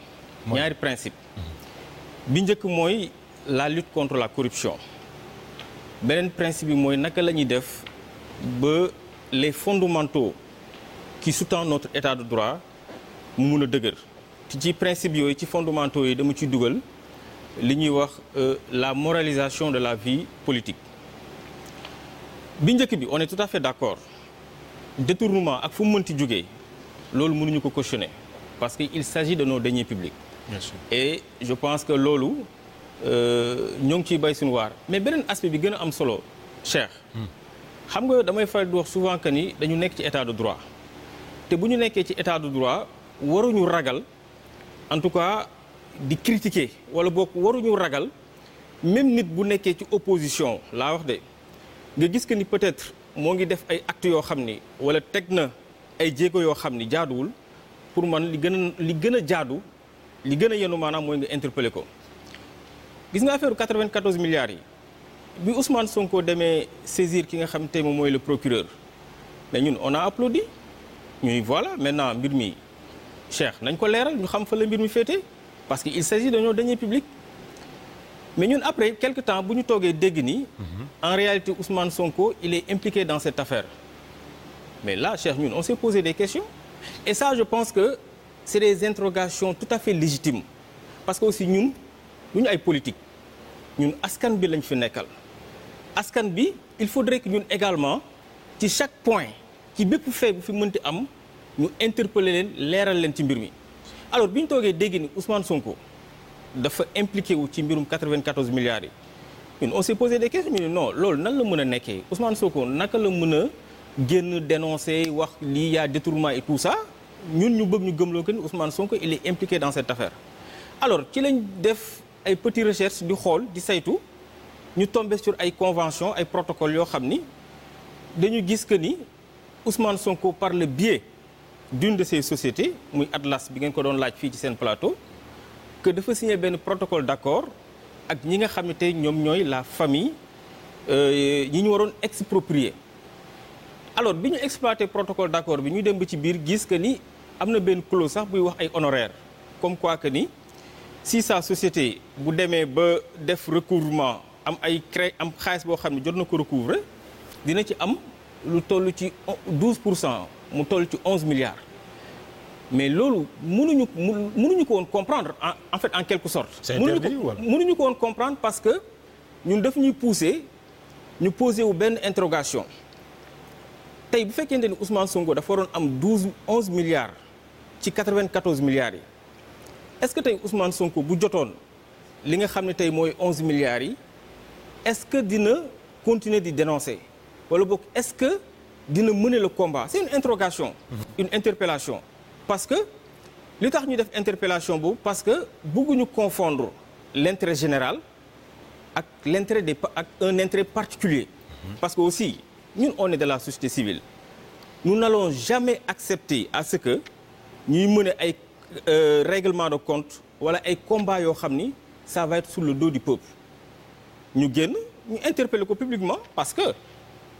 E: ñaari principes mhm. bi njëkk mooy la lutte contre la corruption beneen principe bi mooy naka la ñuy def ba les fondamentaux qui sous-tendent notre état de droit mu mun a dëgër ci principe yooyu ci fondamentaux yi dama ciy dugal li ñuy wax euh, la moralisation de la vie politique bi njëkk bi on est tout à fait d'accord détournement ak fu mu mënti jógee loolu mënuñu ko cautionner parce que il s'agit de nos deniers publics. et je pense que loolu euh, ñoo ngi ciy bay suñu waar. mais beneen aspect bi gën a am solo Cheikh. Hmm. xam nga damay faral di souvent que ni dañu nekk ci état de droit te bu ñu nekkee ci état de droit waruñu ragal en tout cas di critiquer wala boog waruñu ragal même nit bu nekkee ci opposition laa wax de. nga gis que ni peut-être moo ngi def ay actes yoo xam ni wala teg na ay jéego yoo xam ni jaaduwul pour man li gën a li gën a jaadu li gën a yenu maanaam mooy nga interpellé ko. gis nga affaire 94 milliards yi bi son Sonko demee saisir ki nga xam te moom mooy le procureur mais ñun on a applaudi ñuy voilà maintenant mbir mi Cheikh nañ ko leeral ñu xam fa la mbir mi féete parce que il s'agit dañoo dañee public. mais ñun après quelque temps bu ñu toogee dégg nii. en réalité Ousmane Sonko il est impliqué dans cette affaire mais là Cheikh ñun on s'est posé des questions et ça je pense que c'est des interrogations tout à fait légitimes parce que aussi ñun lu ñu ay politique ñun askan bi lañ fi nekkal askan bi il faudrait que ñun également ci chaque point ci bépp fait bu fi mënti am ñu interpeller leen leeral leen ci mbir mi alors bi ñu toogee dégg ni Ousmane Sonko. dafa impliqué wu ci mbirum 94 milliards yi ñun on s'est posé des questions ñu ne non loolu nan la mën a nekkee Ousmane Sonko naka la mën a génn dénoncer wax lii y a détournement et tout ñun ñu bëgg ñu gëmloo que ni Ousmane Sonko il est impliqué dans cette affaire alors ci lañ def ay petites recherches di xool di saytu ñu tombé sur ay convention ay protocole yoo xam ni dañu gis que ni Ousmane Sonko par le biais d'une de ses sociétés muy Atlas bi ngeen ko doon laaj fii ci seen plateau que dafa signé benn protocole d'accord ak ñi nga xam ne tey ñoom ñooy la famille euh, ñi ñu waroon exproprier alors bi ñu exploité protocole d'accord bi ñu dem ba ci biir gis que ni am na benn clause sax buy wax ay honoraires comme quoi que ni si sa société bu demee ba def recouvrement am ay cré am xaalis boo xam ne jot na ko recouvrer dina ci am lu toll ci 12 pour cent mu toll ci 11 milliards. mais loolu mënuñu mënuñu ko woon comprendre en fait en quelque sorte. mënuñu ko woon comprendre parce que ñun daf ñuy pousser ñu posé wu benn interrogation tey bu fekkente ni Ousmane Sonko dafa waroon am douze onze milliards ci quatre-vingt-quatorze milliards yi est-ce que tey Ousmane Sonko bu jotoon li nga xam ne tey mooy onze milliards yi est-ce que dina continuer di dénoncer wala boog est-ce que dina mener le combat c'est une interrogation. une interpellation. parce que li tax ñu def interpellation boobu parce que bëgguñu confondre l' intérêt général ak l' intérêt des ak un intérêt particulier mhm. parce que aussi ñun on est de la société civile nous n'allons jamais accepter à ce que ñuy mën a ay euh, règlement de compte wala ay combat yoo xam ni ça va être sur le dos du peuple ñu génn ñu interpeller ko publiquement parce que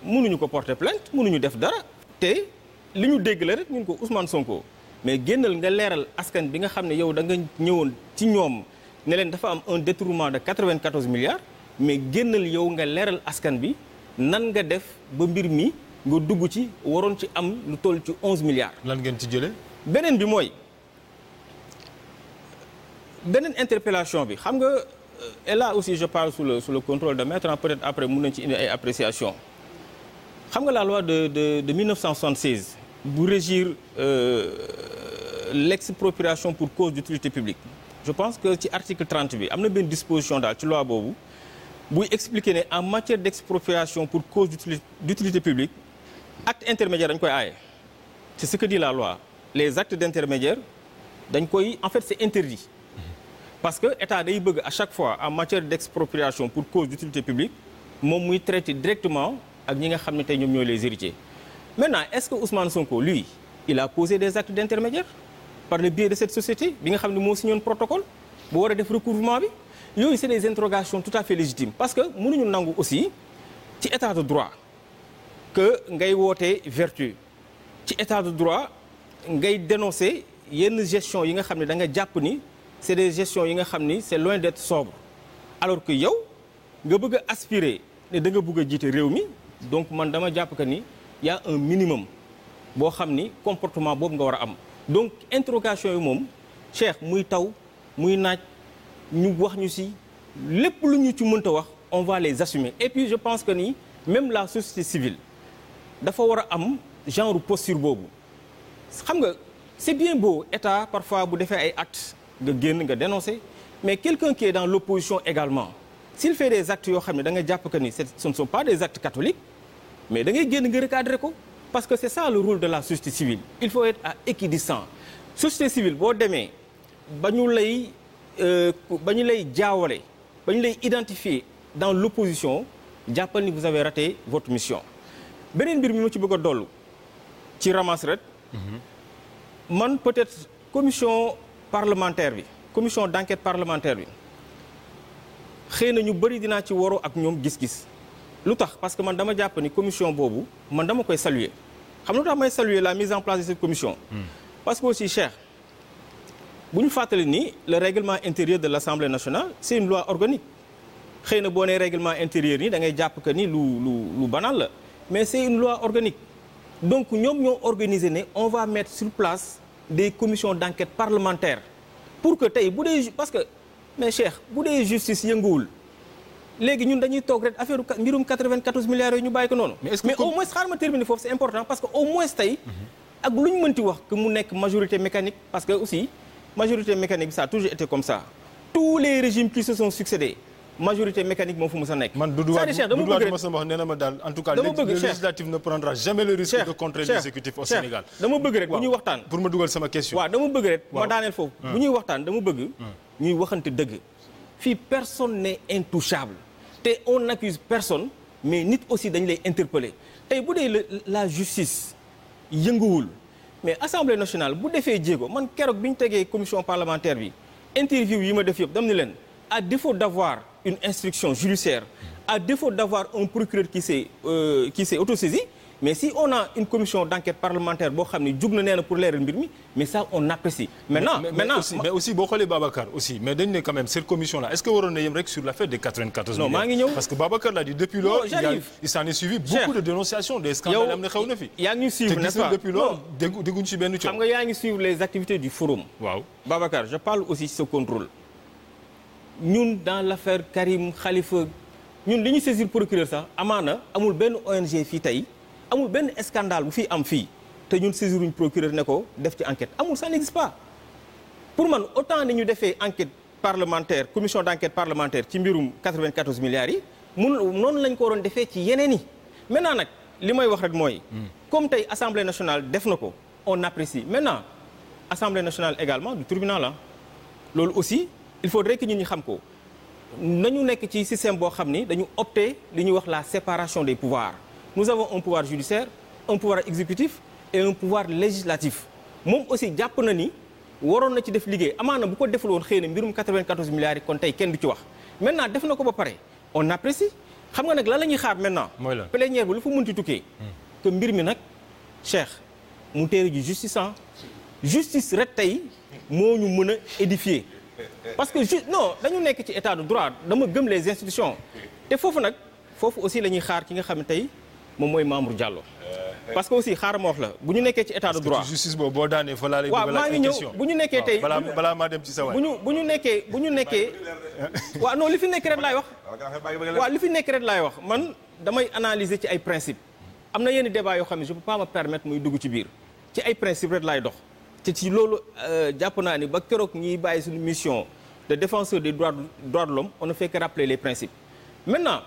E: mënuñu ko porter plainte mënuñu def dara te li ñu dégg la rek ñun ko Ousmane Sonko mais génnal nga leeral askan bi nga xam ne yow da nga ñëwoon ci ñoom ne leen dafa am un détournement de 94 milliards mais génnal yow nga leeral askan bi nan nga def ba mbir mi nga dugg ci waroon ci am lu toll ci 11 milliards. lan ngeen ci jële beneen bi mooy beneen interpellation bi xam nga euh, et là aussi je parle sous le sous le de peut-être après mun nañ ci indi ay appréciation xam nga la loi de de de 1976. bu régir euh, l'expropriation pour cause d'utilité publique je pense que ci article 30 bi am na benn disposition daal ci loi boobu buy expliquer ne en matière d'expropriation pour cause d'utilité publique acte intermédiaire dañ koy aaye c'est ce que dit la loi les actes d'intermédiaire dañ koy en fait c'est interdit parce que état day bëgg à chaque fois en matière d'expropriation pour cause d'utilité publique moom muy traiter directement ak ñi nga xam ne tey ñoom ñooy les héritiers maintenant est-ce que Ousmane Sonko lui il a posé des actes d'intermédiaire par le biais de cette société bi nga xam ne moo si woon protocole bu war a def recouvrement bi yooyu c'est des interrogations tout à fait légitimes parce que mënuñu nangu aussi ci état de droit que ngay woote vertu ci état de droit ngay dénoncer yenn gestion yi nga xam ne da nga jàpp ni c'est des gestions yi nga xam ni c'est loin d'être sobre alors que yow nga bëgg a aspirer ne da nga a jiite réew mi donc man dama jàpp que ni y a minimum boo xam ni comportement boobu nga war a am donc interrogation yi moom Cheikh muy taw muy naaj ñu wax ñu si lépp lu ñu ci mënta wax on va les assumer et puis je pense que nii même la société civile dafa war a am genre posture boobu xam nga c'est bien beau état parfois bu defee ay actes nga génn nga dénoncer mais quelqu'un qui est dans l'opposition également s'il fait des actes yoo xam ne da jàpp que ni ce ne sont pas des actes catholiques mais da ngay génn nga recadrer ko parce que c'est ça le rôle de la société civile il faut être à équidistant société civile boo demee ba ñu lay euh, ba ñu lay jaawale ba ñu lay identifier dans l'opposition jàppal ni vous avez raté votre mission beneen mbir mi ma ci bëgg a dollu ci ramasse ret mhm. man peut-être commission parlementaire bi commission d'enquête parlementaire bi xëy na ñu bëri dinaa ci waroo ak ñoom gis-gis lu tax parce que man dama jàpp ni commission boobu man dama koy saluer xam lu tax may saluer la mise en place de cette commission. Hmm. parce que aussi Cheikh bu ñu fàttalee ni le règlement intérieur de l'Assemblée nationale c'est une loi organique xëy na boo nee règlement intérieur ni da ngay jàpp que ni lu lu lu banal la mais c'est une loi organique donc ñoom ñoo organiser ne on va mettre sur place des commissions d'enquête parlementaire pour que tey bu dee parce que mais bu dee justice yënguwul. léegi ñun dañuy toog rek affaire mbirum 94 milliards yooyu ñu bàyyi ko noonu. mais au moins xaaral ma terminer foofu c'est important parce que au moins tey. Mhm. ak lu ñu mënti wax que mu nekk majorité mécanique parce que aussi majorité mécanique bi a toujours été comme ça tous les régimes qui se sont succédés majorité mécanique moom fu mu sa nekk. man Doudou Wade Doudou Wade ma wax nee ma daal en tout cas. législatif
A: ne prendra jamais le risque. de contrer l'exécutif au hmm.
E: hmm. fii personne n'est intouchable. te on n'accuse personne mais nit aussi dañu lay interpeller tey bu dee la justice yënguwul mais assemblée nationale bu defee jéego man keroog bi ñu tegee commission parlementaire bi interview yi ma def yëpp dam ni leen à défaut d'avoir une instruction judiciaire à défaut d'avoir un procureur qui s'est euh, qui s'est autosaisi mais si on a une commission d'enquête parlementaire boo xam ne jug na nee na pour leeral mbir mi mais ça on apprécie. maintenant mais, mais, maintenant mais
A: aussi boo xoolee Babacar aussi
E: mais dañ ne quand même cette commission là est-ce que waroon na yem rek sur l'affaire des 94 milliards. non maa ngi ñëw
A: parce que Babacar l'a dit depuis lors. non j'arrive il s'en est suivi beaucoup de dénonciations des scandales am na xew na fi. yaa ngi suivre n'est-ce pas te gis depuis lors
E: déggu dégguñu si benn coono. xam nga yaa ngi suivre les activités du forum. waaw Babacar je parle aussi ce contrôle. ñun dans l'affaire Karim Khalifa ñun li ñu saisir procureur sax amaana amul benn ONG fii tey amul benn scandale bu fi am fii te ñun saisiruñ procureur ne ko def ci enquête amul sa n'existe pas pour man autant ni ñu defee enquête parlementaire commission d'enquête parlementaire ci mbirum 94 milliards yi mun noonu lañ ko waroon defee ci yeneen yi maintenant nag li may wax rek mooy. Hmm. comme tey assemblée nationale def na ko on apprécie maintenant assemblée nationale également du tribunal la loolu aussi il faut que ñun ñu xam ko nañu nekk ci système boo xam ni dañu opter li ñuy wax la séparation des pouvoirs. nous avons un pouvoir judiciaire un pouvoir exécutif et un pouvoir législatif moom aussi jàpp na ni waroon na ci def liggéey amaan na bu ko deful woon xëy na mbirum 94 milliards yi kon tey kenn du ci wax maintenant def na ko ba pare on apprécie xam nga nag lan la ñuy xaar maintenant. mooy lan plénière bi lu fa mënti tukkee. Hmm. que mbir mi nag Cheikh mu teere ji justice ah justice rek tey moo ñu mën a édifier parce que ju non dañu nekk ci état de droit dama gëm les institutions te foofu nag foofu aussi la ñuy xaar ki nga xam ne tey. moom mooy Mamour Diallo. parce que aussi xaaral ma wax la bu ñu nekkee ci état de droit justice boo daanee fa laa lay waaw maa ngi ñëw bu ñu nekkee tey balaa maa dem ci sa waay bu ñu bu nekkee bu ñu nekkee waaw non li fi nekk rek laay wax waaw li fi nekk rek laay wax man damay analyser ci ay principe am na yenn débat yoo xam ne je peux pas me permettre muy dugg ci biir ci ay principe rek laay dox te ci loolu euh, jàpp naa ni ba keroog ñiy bàyyi suñu mission de défenseur des droits droits de l'homme on ne fait que les principes maintenant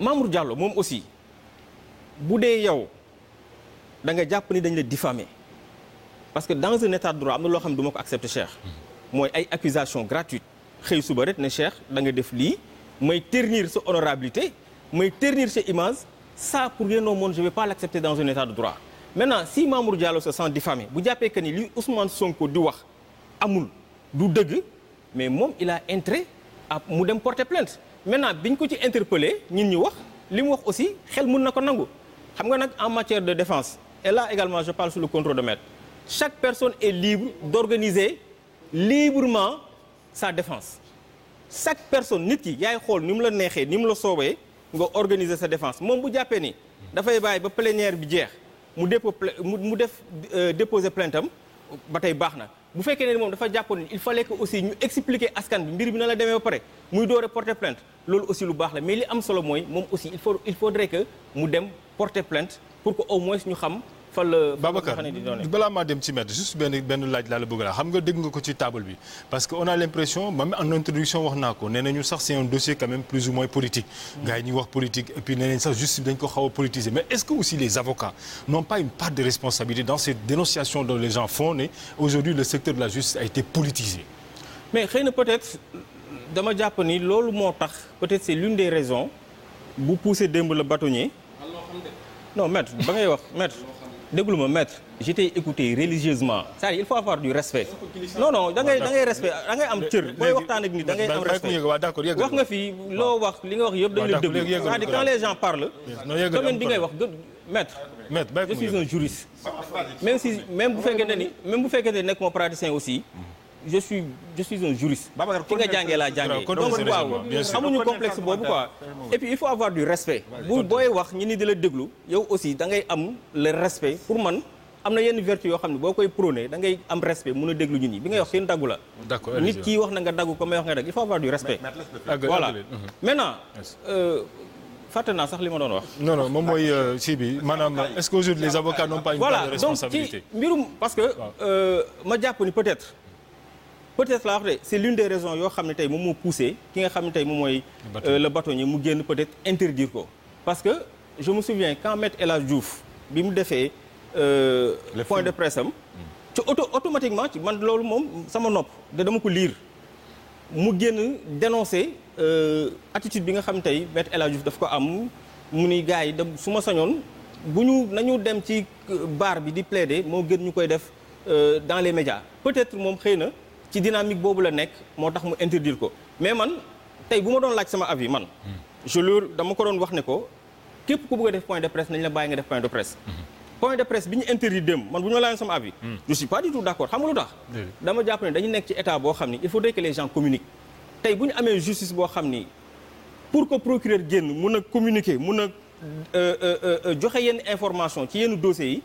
E: Mamour Diallo moom aussi bu dee yow danga jàpp ni dañ la diffamer parce que dans un état de droit am na loo xam ne du ma ko accepter Cheikh mooy ay accusation gratuite xëy suba rek ne Cheikh da nga def lii mooy ternir sa honorabilité mooy ternir sa image saa pour rien au monde je vais pas l'accepter dans un état de droit maintenant si Mamour Diallo se sent diffamé bu jàppee que ni li Ousmane Sonko di wax amul du dëgg mais moom il a intérêt mu dem porter plainte maintenant biñ ko ci interpellé ñun ñu wax li mu wax aussi xel mun na ko nangu xam nga nag en matière de défense et là également je parle sous le contrôle de maître chaque personne est libre d'organiser librement sa défense chaque personne nit ki yaay xool ni mu la neexee ni mu la soobee nga organiser sa défense moom bu jàppee ni dafay bàyyi ba plénière bi jeex mu dépo mu def euh, déposer plainte am ba tey baax na bu fekkee ne moom dafa jàppoon il fallait lekk aussi ñu expliquer askan bi mbir bi na la demee ba pare muy doore porter plainte loolu aussi lu baax la mais li am solo mooy moom aussi il faut il faudrait que mu dem porter plainte pour que au moins ñu xam fan la Babacar
A: balaa maa dem ci maître juste benn laaj laa la bëgg laa xam nga dégg nga ko ci table bi parce que on a l'impression même en introduction wax naa ko nee nañu sax c'est un dossier quand même plus ou moins politique mm. gars yi wax politique et puis nee nañ sax justice dañ ko xaw a politiser mais est-ce que aussi les avocats n'ont pas une part de responsabilité dans cette dénonciation dont les gens font ne aujourd'hui le secteur de la justice a été
E: politisé ni loolu moo tax peut-être c'est l'une des raisons bu poussé démb la bâtonnier non maître ba ngay wax maître déglu ma maître j' étais écouté religieusement cest à il faut avoir du respect. non non da ngay da ngay respect da ngay am cër. booy waxtaan ak nit da ngay am respect wax nga fi loo wax li nga wax yëpp dañu la déglu c'est-à-dire quand les gens parlent. domaine bi ngay wax gën maître. maître je suis même si même bu fekkee ne ni même bu fekkee ne nekk moo praticien aussi. je suis je suis un juriste. Babacar ki nga jàngee laa jàngee. donc waaw amuñu boobu quoi. et puis il faut avoir du respect. booy wax ñi ni di la déglu. yow aussi da ngay am le respect pour man. am na yenn vertu yoo xam ne boo koy prôné dangay am respect mun a déglu ñun ñi bi ngay wax seen daggu la. d'accord nit kii wax na nga daggu ko may wax nga dagg il faut avoir du respect. voilà mm-hmm. maintenant. Euh, fàtte naa sax li ma doon wax.
A: non moom mooy euh, si bi maanaam est-ce que aujourd'hui les
E: avocats n'ont que. Euh, ma jàpp ni peut peut-être laa wax de c'est l'une des raisons yoo xam ne tey moom moo poussé ki nga xam ne tey moom mooy le euh, bâtonnier mu génn peut-être interdire ko parce que je me souviens quand Maître El Hadj bi mu defee euh, point de presse am ci auto automatiquement ci man loolu moom sama nopp da dama ko liir mu génn dénoncer euh, attitude bi nga xam tey Maître El Hadj Diouf daf ko am mu ni gars yi da su ma sañoon bu ñu nañu dem ci baar bi di plaider moo gën ñu koy def dans les médias peut-être moom xëy na ci dynamique boobu la nekk moo tax mu interdire ko mais man tey bu ma doon laaj sama avis man. je leur dama ko doon wax ne ko képp ku bëgg def point de presse nañ la bàyyi nga def point de presse. point de presse bi ñu interdit dem man bu ñu la laajoon sama avis. je suis pas du tout d' accord xam nga lu tax. dama jàpp ne dañu nekk ci état boo xam ni il faudrait que les gens communiquent. tey bu ñu amee justice boo xam ni pour que procureur génn mun a communiquer mun euh, euh, euh, joxe yenn information ci yenn dossiers yi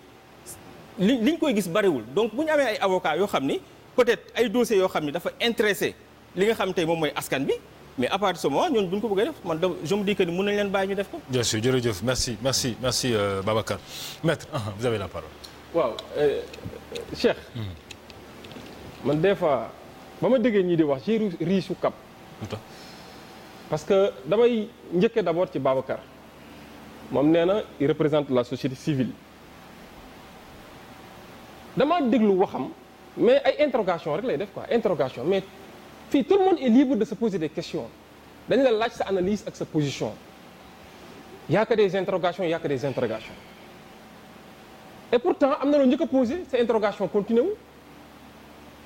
E: li liñ koy gis bariwul donc bu ñu amee ay yoo xam ni. peut-être ay dossiers yoo xam ne dafa intéressé li nga xam tey moom mooy askan bi mais à partir de bu ñu ko bëggee def man je me dis que ni mën nañ ko. bien sûr jërëjëf merci merci merci euh, Babacar maître uh ah,
A: -huh,
B: vous euh, euh, hmm. man des fois ba ma déggee ñii di wax ci riisu kap parce que damay njëkkee d'abord ci Babacar moom nee na il représente la société civile. damaa déglu waxam. mais ay interrogation rek lay def quoi interrogation mais fii tout le monde est libre de se poser des questions dañu la laaj sa analyse ak sa position y a que des interrogations y a que des interrogations et am na loo njëkk a posé sa interrogation continué wu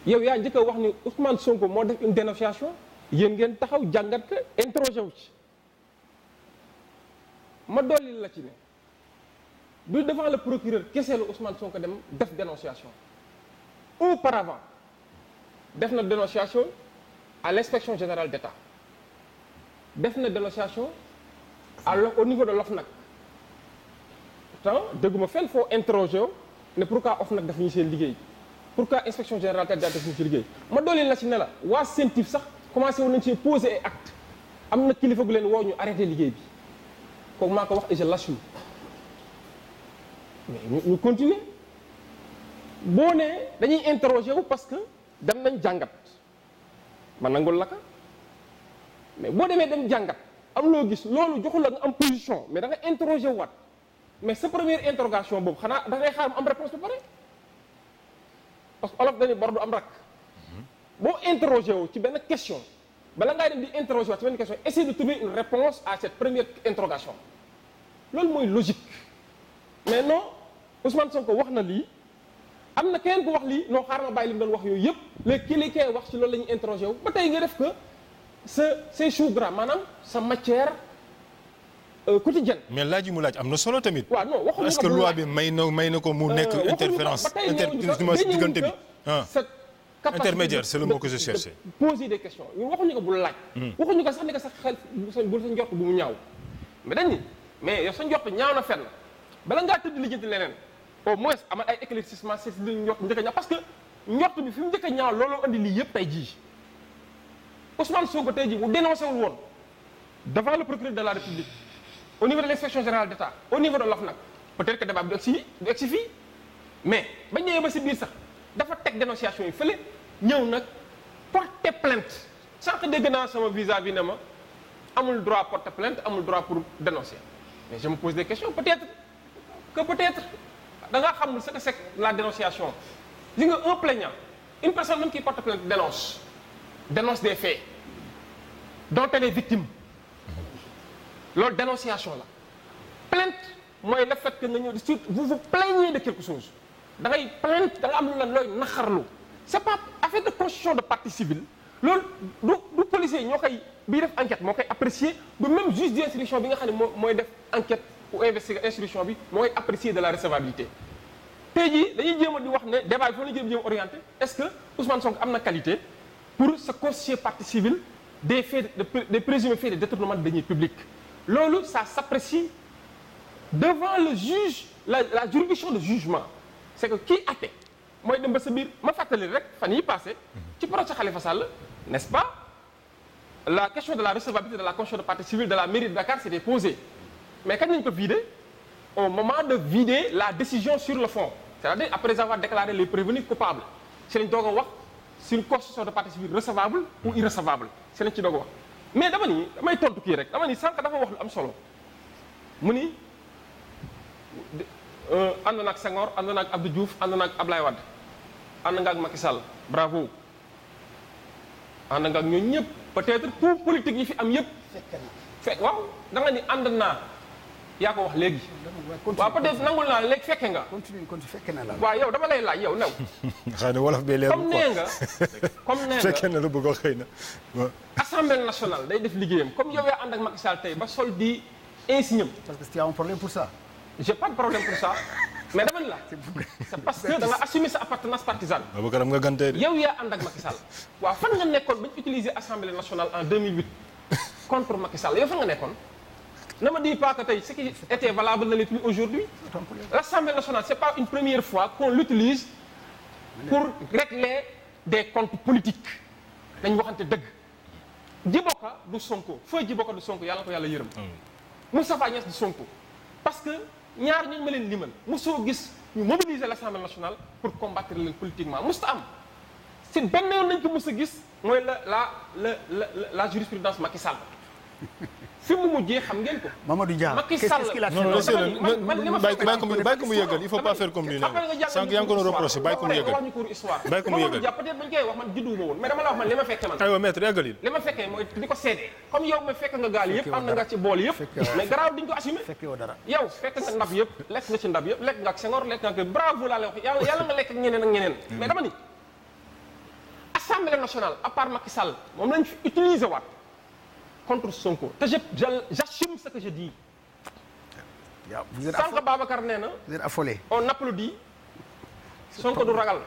B: yow yaa njëkk a wax ni Ousmane Sonko moo def une dénonciation yéen ngeen taxaw jàngat ko interrogé wu ci ma dolli la ci ne du devant le procureur kese la Ousmane Sonko dem def dénonciation auparavant def na dénonciation à l'inspection générale d'État def na dénonciation à au niveau de l'OFNAC pourtant dëgguma fenn foo interroger ne pourquoi nag daf ñu seen liggéey pourquoi inspection générale d'État daf ñu seen liggéey ma dooleel la ci ne la waa CENTIF sax commencé woon nañ ci poser ay acte am na kilifa gu leen woo ñu arrêté liggéey bi kooku maa ko wax et je l'assume mais ñu continuer boo nee dañuy interroger wu parce que dem nañ jàngat ma nangul la ka mais boo demee dem jàngat am loo gis loolu joxu la nga am position mais da nga interroger waat mais sa première interrogation boobu xanaa da ngay xaar mu am réponse bu pare parce que olof dañuy bor du am rak boo interroger wu ci benn question bala ngay dem di interroger waat ci benn question essayer de trouver une réponse à cette première interrogation loolu mooy logique mais non Ousmane Sonko wax na lii am na keneen ku wax lii noo xaaral ma bàyyi li mu doon wax yooyu yëpp léegi ki li koy wax ci loolu la ñuy interroger ba tey nga def que sa ses choux gras maanaam sa matière
A: euh, quotidienne. mais laaj yi mu laaj am na solo tamit. waaw non waxuñu est-ce que loi bi may na may na ko mu nekk euh, interférence. inter diggante bi sa ah. capacité intermédiaire c'est le mot que je cherchais.
B: poser des questions ñun ko bul laaj. Hmm. waxuñu ko sax ni ko sa xel bu sa njort bu mu ñaaw mais mais yow sa njort ñaaw na fenn bala ngaa tëdd lijjanti leneen. au moins amal ay éclaircissement si li njort njëkk a ñaaw parce que njort bi fi mu njëkk a ñaaw looloo andi lii yëpp tey jii Ousmane Sonko tey jii mu dénoncé wul woon devant le procureur de la République au niveau de l' inspection générale d' état au niveau de l'OFNAC peut-être que débat du egsi du fii mais ba ñëwee ba si biir sax dafa teg dénonciation yi fële ñëw nag porter plainte sànq dégg naa sama visa bi ne ma amul droit porter plainte amul droit pour dénoncer mais je me pose des questions peut da ngaa xamul ce que c'est la dénonciation li nga un plaignant une personne même qui porte plainte dénonce dénonce des faits dont elle est victime loolu dénonciation la plainte mooy le fait que nga ñëw di suite vous vous plaignez de quelque chose da ngay plainte am lu la looy naxarlu c'est pas affaire de constitution de partie civile loolu du du policier ñoo koy biy def enquête moo koy apprécier du même juge d'instruction bi nga xam ne moo mooy def enquête ou investigation instruction bi mooy apprécier de la recevabilité tey jii dañuy jéem a di wax ne débat bi foofu la ñu jéem a est-ce que Ousmane Sonko am na qualité pour se constituer partie civile des faits de des présumés faits de détournement de deniers publics loolu ça s'apprécie devant le juge la la de jugement c'est que kii atte mooy dem ba sa biir ma fàttali rek fan yi passé ci procès Khalifa Sall n'est-ce pas la question de la recevabilité de la constitution de partie civile de la mais kañ lañ ko vider au moment de vider la décision sur le fond c'est-à-dire après avoir déclaré les prévenus coupables si lañ doog a wax sur constitution de partie civile recevable ou irrecevable si lañ ci doog a wax mais dama ni damay tontu kii rek dama ni sànq dafa wax lu am solo mu ni euh, ànd naag Senghor ànd naag Abdou Diouf ànd naag Ablaye Wade ànd nga ak Macky Sall bravo ànd nga ak ñooñu ñëpp peut-être tout politique yi fi am yëpp fekk waaw da ni ànd naa yaa ko wax léegi. waaw peut-être nangul naa léegi fekke nga. continue continue fekke na la. waaw yow dama lay laaj yow new.
A: xëy na wolof bee leerul comme
B: nee nga. fekke
A: na la bëgg a xëy na.
B: assemblée nationale day def liggéeyam comme yow yaa ànd ak Macky tey ba sol di insigne am. parce que tu as un parce que da nga assumer
A: sa appartenance partisane. yaa
B: ànd ak Macky Sall. fan nga nekkoon ba ñu utiliser assemblée nationale en contre Macky Sall fan nga nekkoon. ne me dis pas que tey ce qui était valable ne l'est plus aujourd'hui l'Assemblée nationale c'est pas une première fois qu'on l'utilise pour régler des comptes politiques dañu waxante dëgg Djiboka du Sonko feu Djiboka du Sonko yàlla ko yàlla yërëm Moustapha Niasse du Sonko parce que ñaar ñu ma leen limal mosoo gis ñu mobiliser l'Assemblée nationale pour combattre leen politiquement musta am si benn yoon lañ ko mos gis mooy la la la la la jurisprudence Macky Sall fi mu mujjee xam ngeen ko.
C: Mamadou Dia qu'est-ce qu'il a fait non non bàyyi ko mu bàyyi ko mu yëgal il
A: faut pas faire comme lui nag sànq yaa ngi ko doon reproché bàyyi ko mu yëgal
B: bàyyi ko mu yëgal peut-être bañ koy wax man juddu ma woon mais dama la wax man li ma fekkee man aywa
A: maître yàggal li
B: ma fekkee mooy di ko seede comme yow ma fekk nga gaal yëpp am na nga ci bool
A: yëpp mais garaaw
B: diñ ko assumé yow fekk nga ndab yëpp lekk nga ci ndab yëpp lekk nga ak Senghor lekk nga ak bravo laa lay wax yàlla yàlla nga lekk ak ñeneen ak ñeneen mais dama ni assemblée nationale à part Macky Sall moom lañ fi utiliser waat contre Sonko te je j'assume ce que je dis. vous êtes sànq Babacar nee na. vous êtes affolé. on applaudit
C: Sonko du ragal.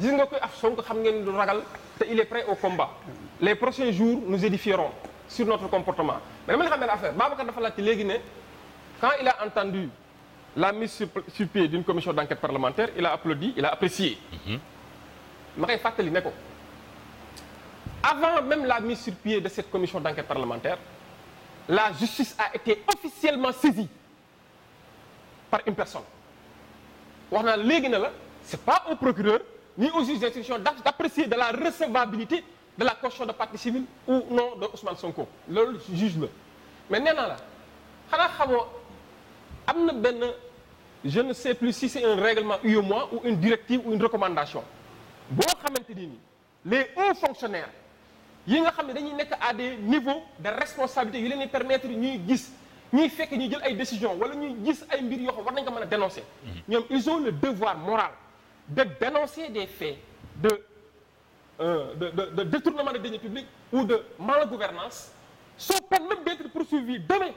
B: gis nga koy af Sonko xam ngeen du ragal te il est prêt au combat. les prochains jours nous édifierons sur notre comportement mais dama la xam ne affaire Babacar dafa laajte léegi ne quand il a entendu la mise sur sur pied d'une commission d'enquête parlementaire il a applaudi il a apprécié. Mhm. ma koy fàttali ne ko. avant même la mise sur pied de cette commission d'enquête parlementaire la justice a été officiellement saisie par une personne wax naa léegi na la c'est pas au procureur ni au juge d'instruction d'apprécier de la recevabilité de la caution de partie civile ou non de Ousmane Sonko loolu juge la mais nee naa la xanaa xamoo am na benn je ne sais plus si c'est un règlement UEMOA ou une directive ou une recommandation boo xamante ni les hauts fonctionnaires yi nga xam ne dañuy nekk à des niveaux de responsabilité yu leen permettre ñuy gis ñuy fekk ñuy jël ay décisions wala ñuy gis ay mbir yoo xam war nañ ko mën a dénoncer. Mhm. ñoom ils ont le devoir moral de dénoncer des faits de euh, de de de détournement de deniers publics ou de malgouvernance sous peine même d'être poursuivis demain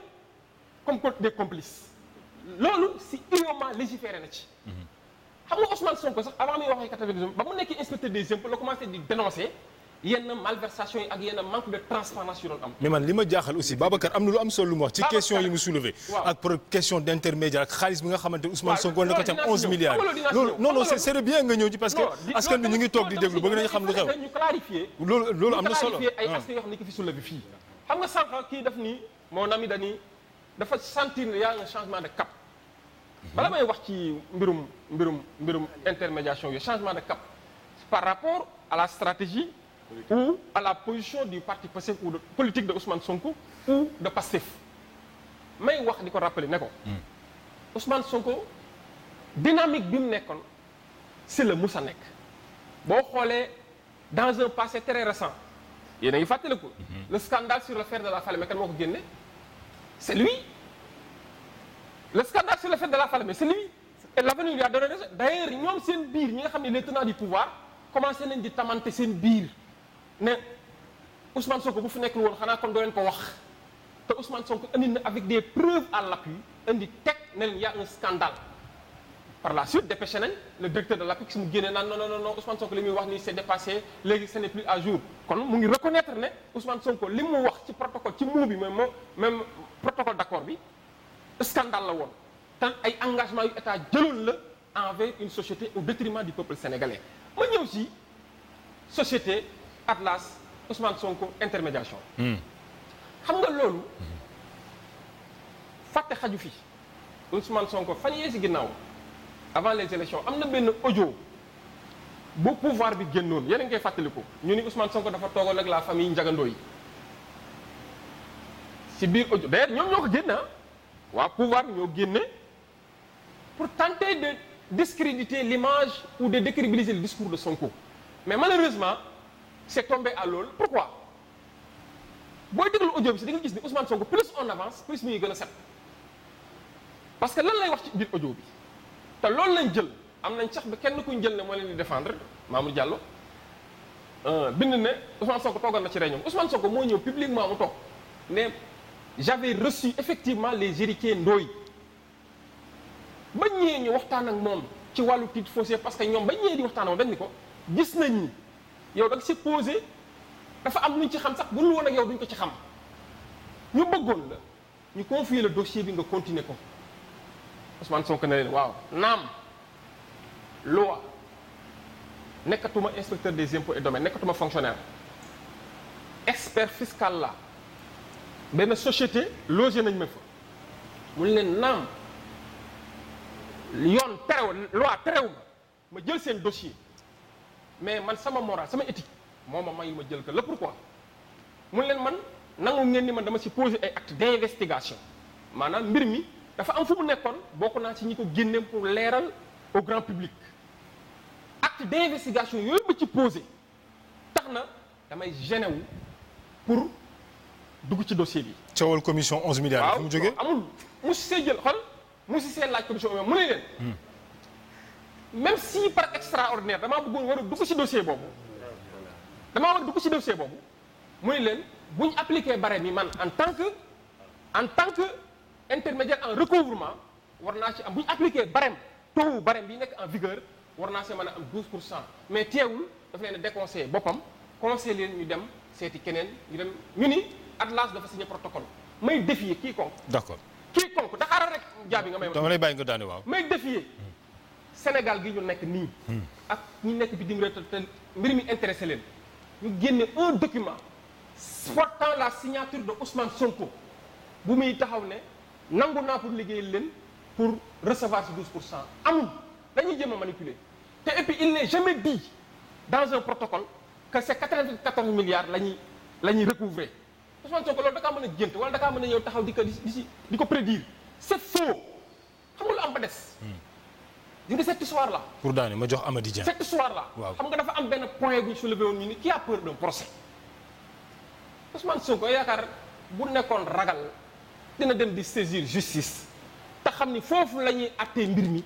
B: comme des complices. loolu si illégalement légiféré na ci. Mhm. xam nga Ousmane Sonko sax avant muy wax ay ba mu nekk inspecteur des impôts commencé di yenn malversation yi ak yenn manque de transparence yu am.
A: mais man li ma jaaxal aussi Babacar am na lu am solo lu mu wax. ci question yi mu soulevé. ak pour question d' intermédiaire ak xaalis bi nga xamante Ousmane Sonko na ko ci am 11 milliards. loolu non non bien nga ñëw ci parce que. askan bi ñu ngi toog di déglu bëgg nañu xam lu
B: xew. loolu am na solo ay ah. askan yoo xam ne ki fi soulevé fii. xam nga sànq kii daf ni mon ami dani wax ci mbirum mbirum mbirum intermédiation yooyu changement de cap par rapport à la stratégie mmh. à la position du parti Pastef ou de politique de Ousmane Sonko. Mmh. de Pastef may wax di ko rappeler ne ko. Hmm. Ousmane Sonko dynamique bi mu nekkoon si la musa nekk boo xoolee dans un passé très récent yéen a ngi ko hmm. le scandale sur l'affaire de la Falémé kan moo ko génne c'est lui le scandale sur l'affaire de la Falémé c'est lui. et l'avenir lui a donné raison d'ailleurs ñoom seen biir ñi nga xam ne les tenants du pouvoir commencé nañ di tamante seen biir. ne Ousmane Sonko bu fi nekkul woon xanaa kon doo leen ko wax te son Sonko indi na avec des preuves à l'appui indi teg ne leen y un scandale par la suite dépêché nañ le directeur de l'APIX mu génnee naan non non non Ousmane Sonko li muy wax nii c'est dépassé léegi ce n'est plus à jour kon mu ngi reconnaître ne Ousmane Sonko li mu wax ci protocole ci mot bi même moo même protocole d'accord bi scandale la woon te ay engagement yu état jëloon la envers une société au détriment du peuple sénégalais ma ñëw ci Atlas Ousmane Sonko intermédiation. Hmm. xam nga loolu. fàtte xaju fi Ousmane Sonko fan yee si ginnaaw avant les élections am na benn audio bu pouvoir bi génnoon yéen a ngi koy fàttaliku ñu ni Ousmane Sonko dafa toogoon ak la famille Ndiagandoo yi si biir audio d'ailleurs ñoom ñoo ko génne ah. waa pouvoir ñoo génne pour tenter de discréditer l'image ou de décrédibiliser le discours de Sonko mais malheureusement. c'est tombé à l'eau pourquoi booy déglu audio bi si di nga gis ni Ousmane Sonko plus on avance plus muy gën a set parce que lan lay wax ci biir audio bi te loolu lañ jël am nañ sax ba kenn kuñ jël ne moo leen di défendre Mamour Diallo euh, bind ne Ousmane Sonko toogoon na ci réunion Ousmane Sonko moo ñëw publiquement mu toog ne j'avais reçu effectivement les héritiers Ndoye ba ñëwee ñu waxtaan ak moom ci wàllu titre foncier parce que ñoom ba ñëwee di waxtaan ak moom dañ ko gis nañ ni yow da si posé dafa am luñ ci xam sax bu dul woon ak yow duñ ko ci xam ñu bëggoon la ñu confier le dossier bi nga continuer ko Ousmane Sonko ne leen waaw naam loi des impôts et nekkatuma fonctionnaire expert fiscal la benn société logé nañ ma fa mu leen naam yoon terew loi terew ma ma jël seen dossier mais man sama moral sama éthique moo ma mayu ma jël ko la pourquoi mun leen man nangu ngeen ni man dama si posé ay acte d'investigation maanaam mbir mi dafa am fu mu nekkoon bokk naa ci ñi ko génne pour leeral au grand public acte d'investigation yooyu ma ci posé tax na damay gêné wu
A: pour dugg ci dossier bi. coowal commission 11 milliards. waaw amul mu si see jël xol mu si see laaj commission mu ne leen.
G: Hmm.
B: même si par extraordinaire damaa bëggoon war a dugg ci dossier boobu damaa war a dugg ci dossier boobu muy leen bu ñu appliqué barème yi man en tant que en tant que intermédiaire en recouvrement war naa ci am bu ñu appliqué barème taux barème bi nekk en vigueur war naa ci mën a am 12 pour cent mais teewul dafa leen a déconseillé boppam conseillé leen ñu dem seeti keneen ñu dem ñu ni Atlas dafa signé protocole may défier quiconque. d'accord quiconque Dakar rek jaabi may. dama lay
A: bàyyi nga daane waaw may
B: Sénégal gi ñu nekk nii. ak ñu nekk bitim réew te mbir mi intéressé leen ñu génne un document portant la signature de Ousmane Sonko bu muy taxaw ne nangu naa pour liggéey leen pour recevoir ces 12 pour cent amul dañuy jéem a manipuler te et puis il n'est jamais dit dans un protocole que ces 94 milliards la la ñuy recouvrer Ousmane Sonko loolu da kaa mën a gént wala da kaa mën a ñëw taxaw di ko di si di ko prédire c'est faux xamul am ba des. Hmm. gis cette histoire la
A: pour daane ma jox Amady Dia. cette
B: histoire là. xam nga dafa am benn point bu ñu soulevé woon ñu ni qui a peur d'un procès. Ousmane Sonko yaakaar bu nekkoon ragal dina dem di saisir justice te xam ni foofu la ñuy àttee mbir mi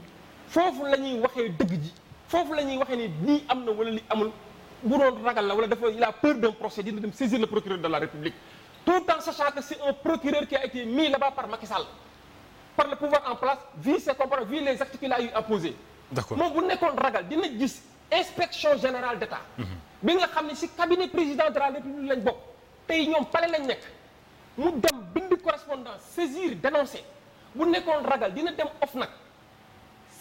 B: foofu la ñuy waxee dëgg ji foofu la ñuy waxee ni lii am na wala li amul bu doon ragal la wala dafa il a peur d'un procès dina dem saisir le procureur de la République tout en sachant que c'est Sall. par le pouvoir en place vu ses comportements vu les actes qu'il a eu à poser d'accord moom bu nekkoon ragal dina gis inspection générale d'État mhm. bi nga xam ne si cabinet président de la République lañ bokk tey ñoom pale lañ nekk mu dem bind correspondance saisir dénoncer bu nekkoon ragal dina dem OFNAC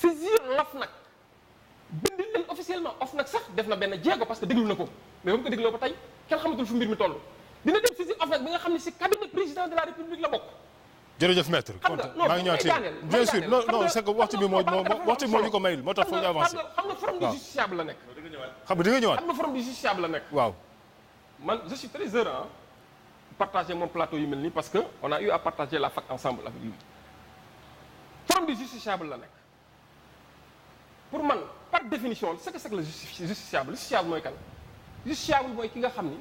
B: saisir l'OFNAC bind leen officiellement OFNAC sax def na benn jéego parce que déglu na ko mais ba mu ko dégloo ba tey kenn xamatul fu mbir mi toll dina dem saisir bi nga xam ne ci cabinet président de la
A: jërëjëf maître maa ngi ñëwaat ci bien sûr non non c'est que waxtu bi moo waxtu bi moo ñu moo tax foog la nekk.
B: xam nga di nga
A: ñëwaat xam nga forme la nekk. waaw
B: man je suis très heureux mel nii parce que on a la fac ensemble avec lui forme du justiciable la nekk pour man par définition c'est que c'est que le justiciable justiciable mooy kan mooy ki nga xam ni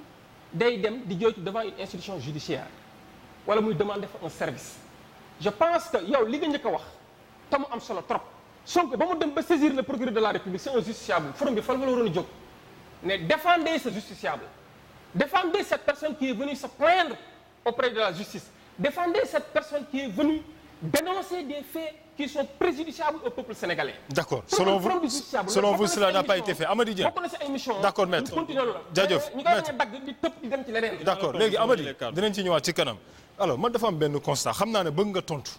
B: day dem di jooytu devant une institution judiciaire wala muy demander fa service. je pense que yow li nga njëkk a wax te mu am solo trop Sonko ba mu dem ba saisir le procureur de la république c'est un justiciable forum bi fan la waroon a jóg ne défendez ce justiciable défendez cette personne qui est venue se plaindre auprès de la justice défendez cette personne qui est venue dénoncer des faits qui sont préjudiciables au peuple sénégalais.
A: d'accord selon vous selon vous cela fait Amady Dieng
B: d'accord maître jaajëf ñu koy dagg di
A: léegi Amady dinañ ci ñëwaat ci kanam. alors man dafa am benn constat xam naa ne bëgg nga tontu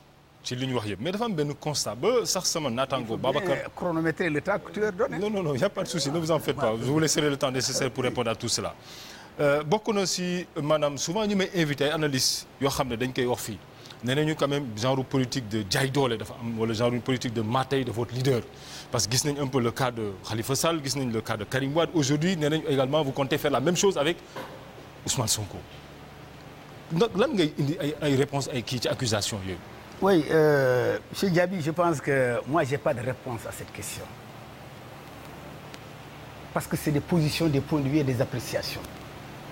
A: ci li ñu wax yëpp mais dafa am benn constat ba sax sama naataango. Babacar chronométrer le temps que tu leur donnes. non non non y' a pas de souci ne vous en faites pas je vous laisserai le temps nécessaire pour répondre à tout cela. Euh, bokk na si maanaam souvent ñu may invité ay analystes yoo xam ne dañ koy wax fii nee nañu quand même genre politique de jaay doole dafa am wala genre politique de matey de votre leader. parce que gis nañ un peu le cas de Khalifa Sall gis nañ le cas de Karim Wade aujourd'hui nee nañu également vous comptez faire la même chose avec Ousmane Sonko. lan nga indi ay ay réponse ay kii ci accusation yooyu
C: oui euh, monsieur Diaby je pense que moi j'ai pas de réponse à cette question parce que c'est des positions des points de vue et des appréciations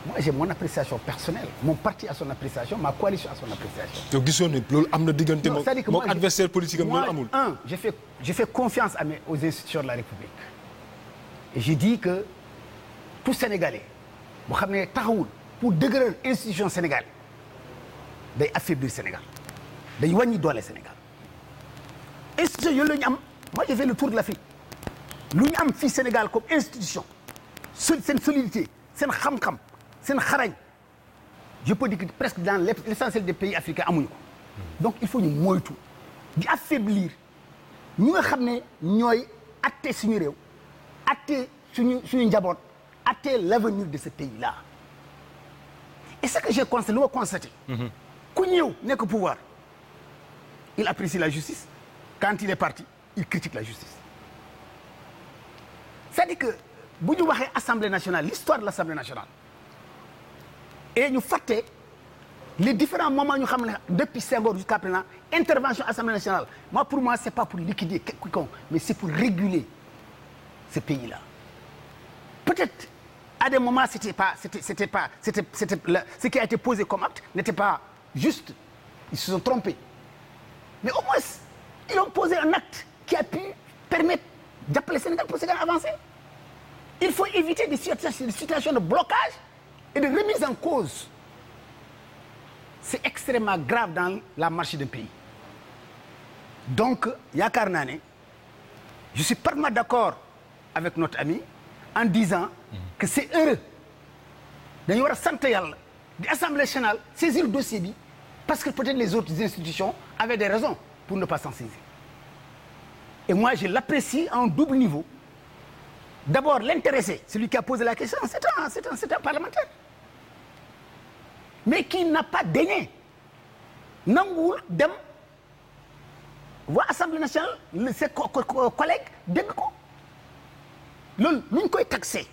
C: moi j'ai mon appréciation personnelle mon parti a son appréciation ma coalition a son
A: appréciation. yow am na diggante moom adversaire politique am loolu amul.
C: un j'ai fait j'ai fait confiance à mes aux institutions de la République et j'ai que tout Sénégalais boo xam ne taxawul pour dëgëral institution Sénégal day affaiblir Sénégal day wàññi doole Sénégal institution yooyu la am moi j'ai fait le tour de l'Afrique lu ñu am fii Sénégal comme institution seen solidité seen xam-xam seen xarañ je peux dire presque dans l'essentiel des pays africains amuñu donc il faut ñu moytu di affaiblir ñi nga xam ne ñooy atte suñu réew atte suñu suñu njaboot atte l'avenir de ce pays là et ce que j'ai constaté lu ma constaté mm-hmm. ku ñëw nekk pouvoir il apprécie la justice quand il est parti il critique la justice c'est-à-dire que bu ñu waxee assemblée nationale l'histoire de l'assemblée nationale et ñu fàtte les différents moments ñu xam ne depuis Senghor jusqu'à présent intervention assemblée nationale moi pour moi c'est pas pour liquider quiconque mais c'est pour réguler ce pays-là peut-être à des moments c'était pas c'était c'était pas c'était c'était ce qui a été posé comme juste, ils se sont trompés. Mais au moins, ils ont posé un acte qui a pu permettre d'appeler Sénégal pour Sénégal avancer. Il faut éviter des situations de blocage et de remise en cause. C'est extrêmement grave dans la marché d'un pays. Donc, yaakaar naa ne je suis parfaitement d'accord avec notre ami en disant que c'est heureux dañu war a sant yàlla di assemblée nationale saisir dossier bi Parce que peut-être les autres institutions avaient des raisons pour ne pas s'en saisir. Et moi, je l'apprécie en double niveau. D'abord, l'intéressé, celui qui a posé la question, c'est un, c'est un, c'est un parlementaire. Mais qui n'a pas daigné nanguwul dem waa assemblée nationale ses collègues dégg ko loolu lu ñu koy taxé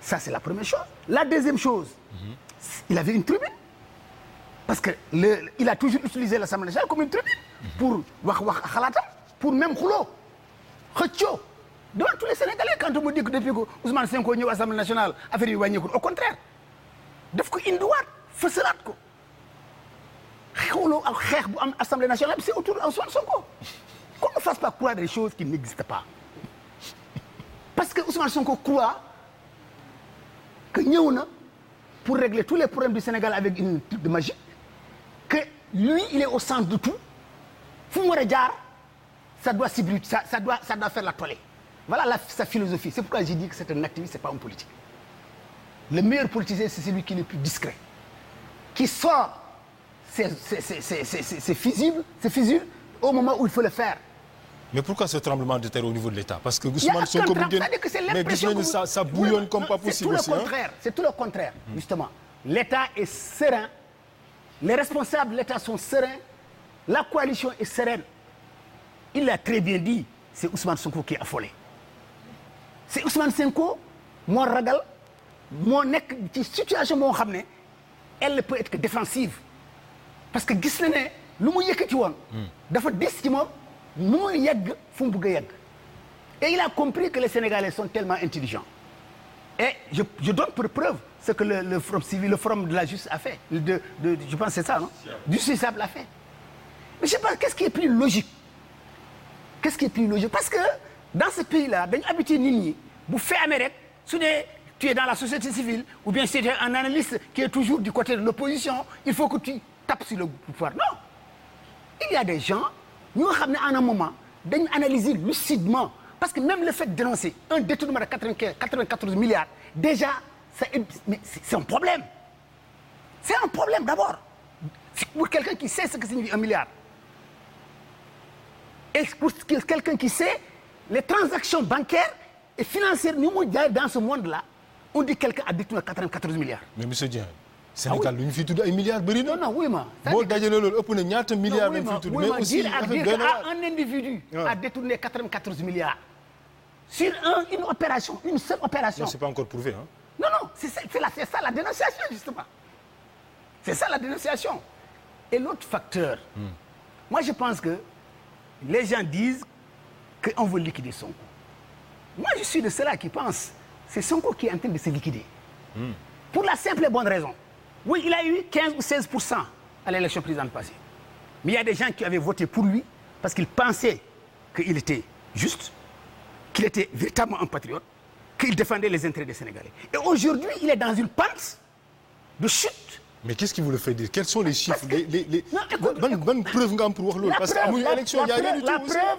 C: ça c'est la première chose la deuxième chose. Mhm. il avait une tribune parce que il a toujours utilisé l'Assemblée nationale comme une tribune pour wax wax xalaatam pour même xuloo xëccoo devant tous les Sénégalais quand on me depuis que Ousmane Sonko nationale affaire yi wàññeekul au contraire daf ko indiwaat fësalaat ko xewloo ak xeex bu am Assemblée nationale bi c'est autour d'Ousmane Sonko qu'on ne fasse pas croire des choses qui n'existent pas parce que Ousmane Sonko croit que ñëw na pour régler tous les problèmes du Sénégal avec une truc de magie que lui il est au centre de tout fu mu war a jaar ça doit cibler ça ça doit faire la tollée voilà la sa philosophie c'est pourquoi j'ai dit que c'est un activiste c'est pas un politique le meilleur politicien c'est celui qui est le plus discret qui sort ses ses ses au moment où il faut le faire
A: mais pourquoi ce tremblement de terre au niveau de l'État parce que Ousmane Sonko bu
C: c'est tout le contraire mm. justement l'État est serein les responsables de l'État sont sereins la coalition est sereine il l'a très bien dit c'est Ousmane Sonko qui est affolé c'est Ousmane Sonko moo ragal moo nekk ci situation moo xam ne elle peut être défensive parce que gis na ne lu mu yëkkati woon mm. dafa dis ci moom moo yegg fu mu bëgg a yegg et il a compris que les Sénégalais sont tellement intelligents et je je donne pour preuve ce que le le forum civil de la justice a fait de de, de je pense c'est ça non. du SUSAP fait mais je pense qu'est-ce qui est plus logique qu'est-ce qui parce que dans ce pays là dañu habitué nit ñi bu fee amee rek su dee tu es dans la société civile ou bien si tu un analyste qui est toujours du côté de l'opposition il faut que tu tapes sur le pouvoir non il y a ñu nga xam ne en un moment dañ analyser lucidement parce que même le fait d'énoncer un détournement de quatre-vingt-quinze quatre-vingt-quatorze milliards déjà ça c'est un problème c'est un problème d'abord pour quelqu'un qui sait ce que signifie un milliard et pour quelqu'un qui sait les transactions bancaires et financières ni mu jaay dans ce monde là on dit quelqu'un a détourné quatre-vingt-quatorze milliards Sénégal ah lu ñu fi tudd ay milliards bëri na. non non oui ma. boo dajale loolu ëpp na ñaata milliards lañ fi tudd. mais ah. milliards. sur une opération une seule opération. non c'est pas encore prouvé hein. non non c'est ça c'est la dénonciation et l'autre facteur. Hmm. je pense que les gens disent que on veut liquider Sonko. moi je suis de ceux-là qui pensent c'est Sonko qui est en de se liquider. Hmm. pour la simple et bonne raison. Oui, il a eu 15 ou 16 à l'élection présidentielle passée. Mais il y a des gens qui avaient voté pour lui parce qu'ils pensaient qu'il était juste, qu'il était véritablement un patriote, qu'il défendait les intérêts des Sénégalais. Et aujourd'hui, il est dans une pente de chute. Mais qu'est-ce qui vous le fait dire Quels sont les chiffres les, les, les... Non, preuve nga am pour wax loolu. parce que amuñu y a rien du tout. preuve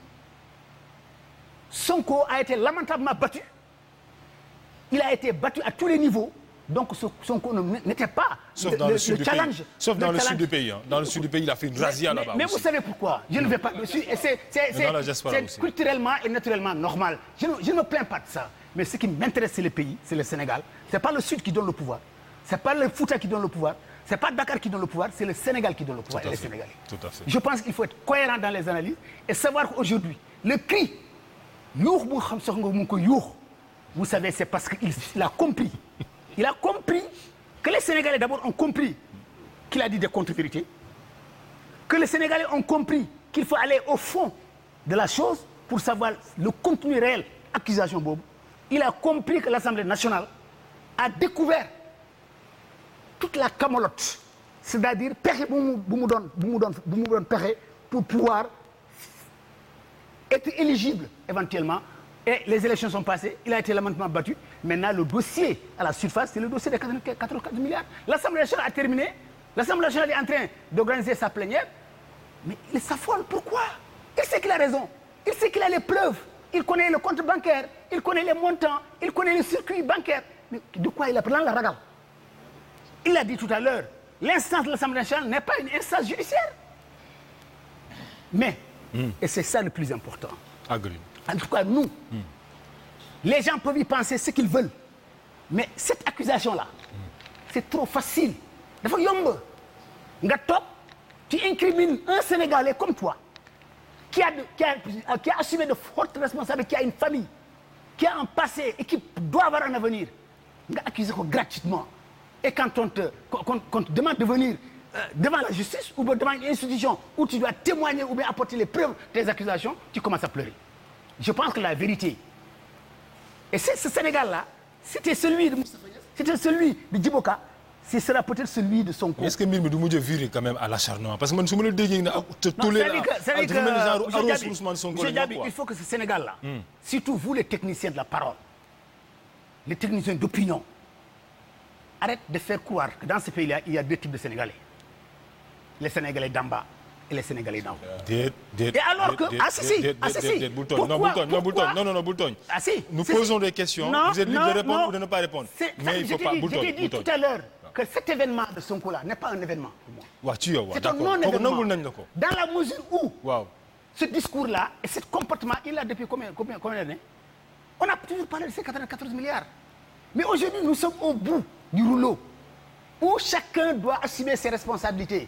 C: Sonko a été lamentablement battu il a été battu à tous les niveaux donc Sonko n'était pas. sauf dans le, sud du pays sauf dans le
A: sud du pays il a fait une razzia là-bas. mais vous savez
C: pourquoi. je ne vais pas c'est culturellement et naturellement normal je ne plains pas de ça mais ce qui m'intéresse le pays c'est le Sénégal c'est pas le sud qui donne le pouvoir c'est pas pas Dakar qui donne le pouvoir c'est le Sénégal qui donne le pouvoir. yuux bu xam soxna mu ngi ko yuux vous savez c'est parce que il a compris il a compris que les Sénégalais d'abord ont compris qu'il a dit des contre que les Sénégalais ont compris qu'il faut aller au fond de la chose pour savoir le contenu réel accusation boobu il a compris que l'Assemblée nationale a découvert toute la camolote c'est-à-dire pexe bu mu bu mu doon bu mu doon bu mu doon pexe pour pouvoir était éligible éventuellement et les élections sont passées il a été lamentablement battu maintenant le dossier à la surface c'est le dossier de 84 milliards l'Assemblée nationale a terminé l'Assemblée nationale est en train d'organiser sa plénière mais il s'affole pourquoi il sait qu'il a raison il sait qu'il a les il connaît le compte bancaire il connaît les montants il connaît les circuits bancaires de quoi il a pris la ragal il a dit tout à l'heure Et c'est ça le plus important. Agreed. En tout cas, nous, les gens peuvent y penser ce qu'ils veulent. Mais cette accusation-là, c'est trop facile. dafa yomb nga toog tu incrimines un Sénégalais comme toi qui a, de, a qui assumé de fortes responsabilités qui a une famille qui a un passé et qui doit avoir un avenir nga accuser ko gratuitement et quand on te demande de venir Euh, devant la justice ou bien devant une institution où tu dois témoigner ou bien apporter les preuves des accusations, tu commences à pleurer. Je pense que la vérité. Et c'est ce Sénégal-là, c'était celui de c'était celui de Djiboka, ce sera celui de Sonko. mi du mujj a viré quand même
A: à l'acharnement parce que man su ma la déggee na te tollé la c'est que Monsieur
C: Sénégal-là, hmm. surtout vous les techniciens de la parole, les techniciens d'opinion, arrêtent de faire croire que dans ce pays-là, les Sénégalais d'en bas et les Sénégalais d'en haut.
A: déet déet déet déet déet déet déet et alors que ah si si ah si si pourquoi pourquoi non bul tooñ non non non bul tooñ. ah si nous posons des questions. non vous êtes libre de répondre ou de ne pas répondre. mais il faut pas bul tooñ je t'ai dit tout à
C: l'heure que cet événement de Sonko là n'est pas un événement pour moi. waaw ci yow waaw d'accord kooku nangul nañ la ko. dans la mesure où. waaw ce discours là et ce comportement il a depuis combien combien combien d'années on a toujours parlé de ces 94 milliards mais aujourd'hui nous sommes au bout du rouleau où chacun doit assumer ses responsabilités.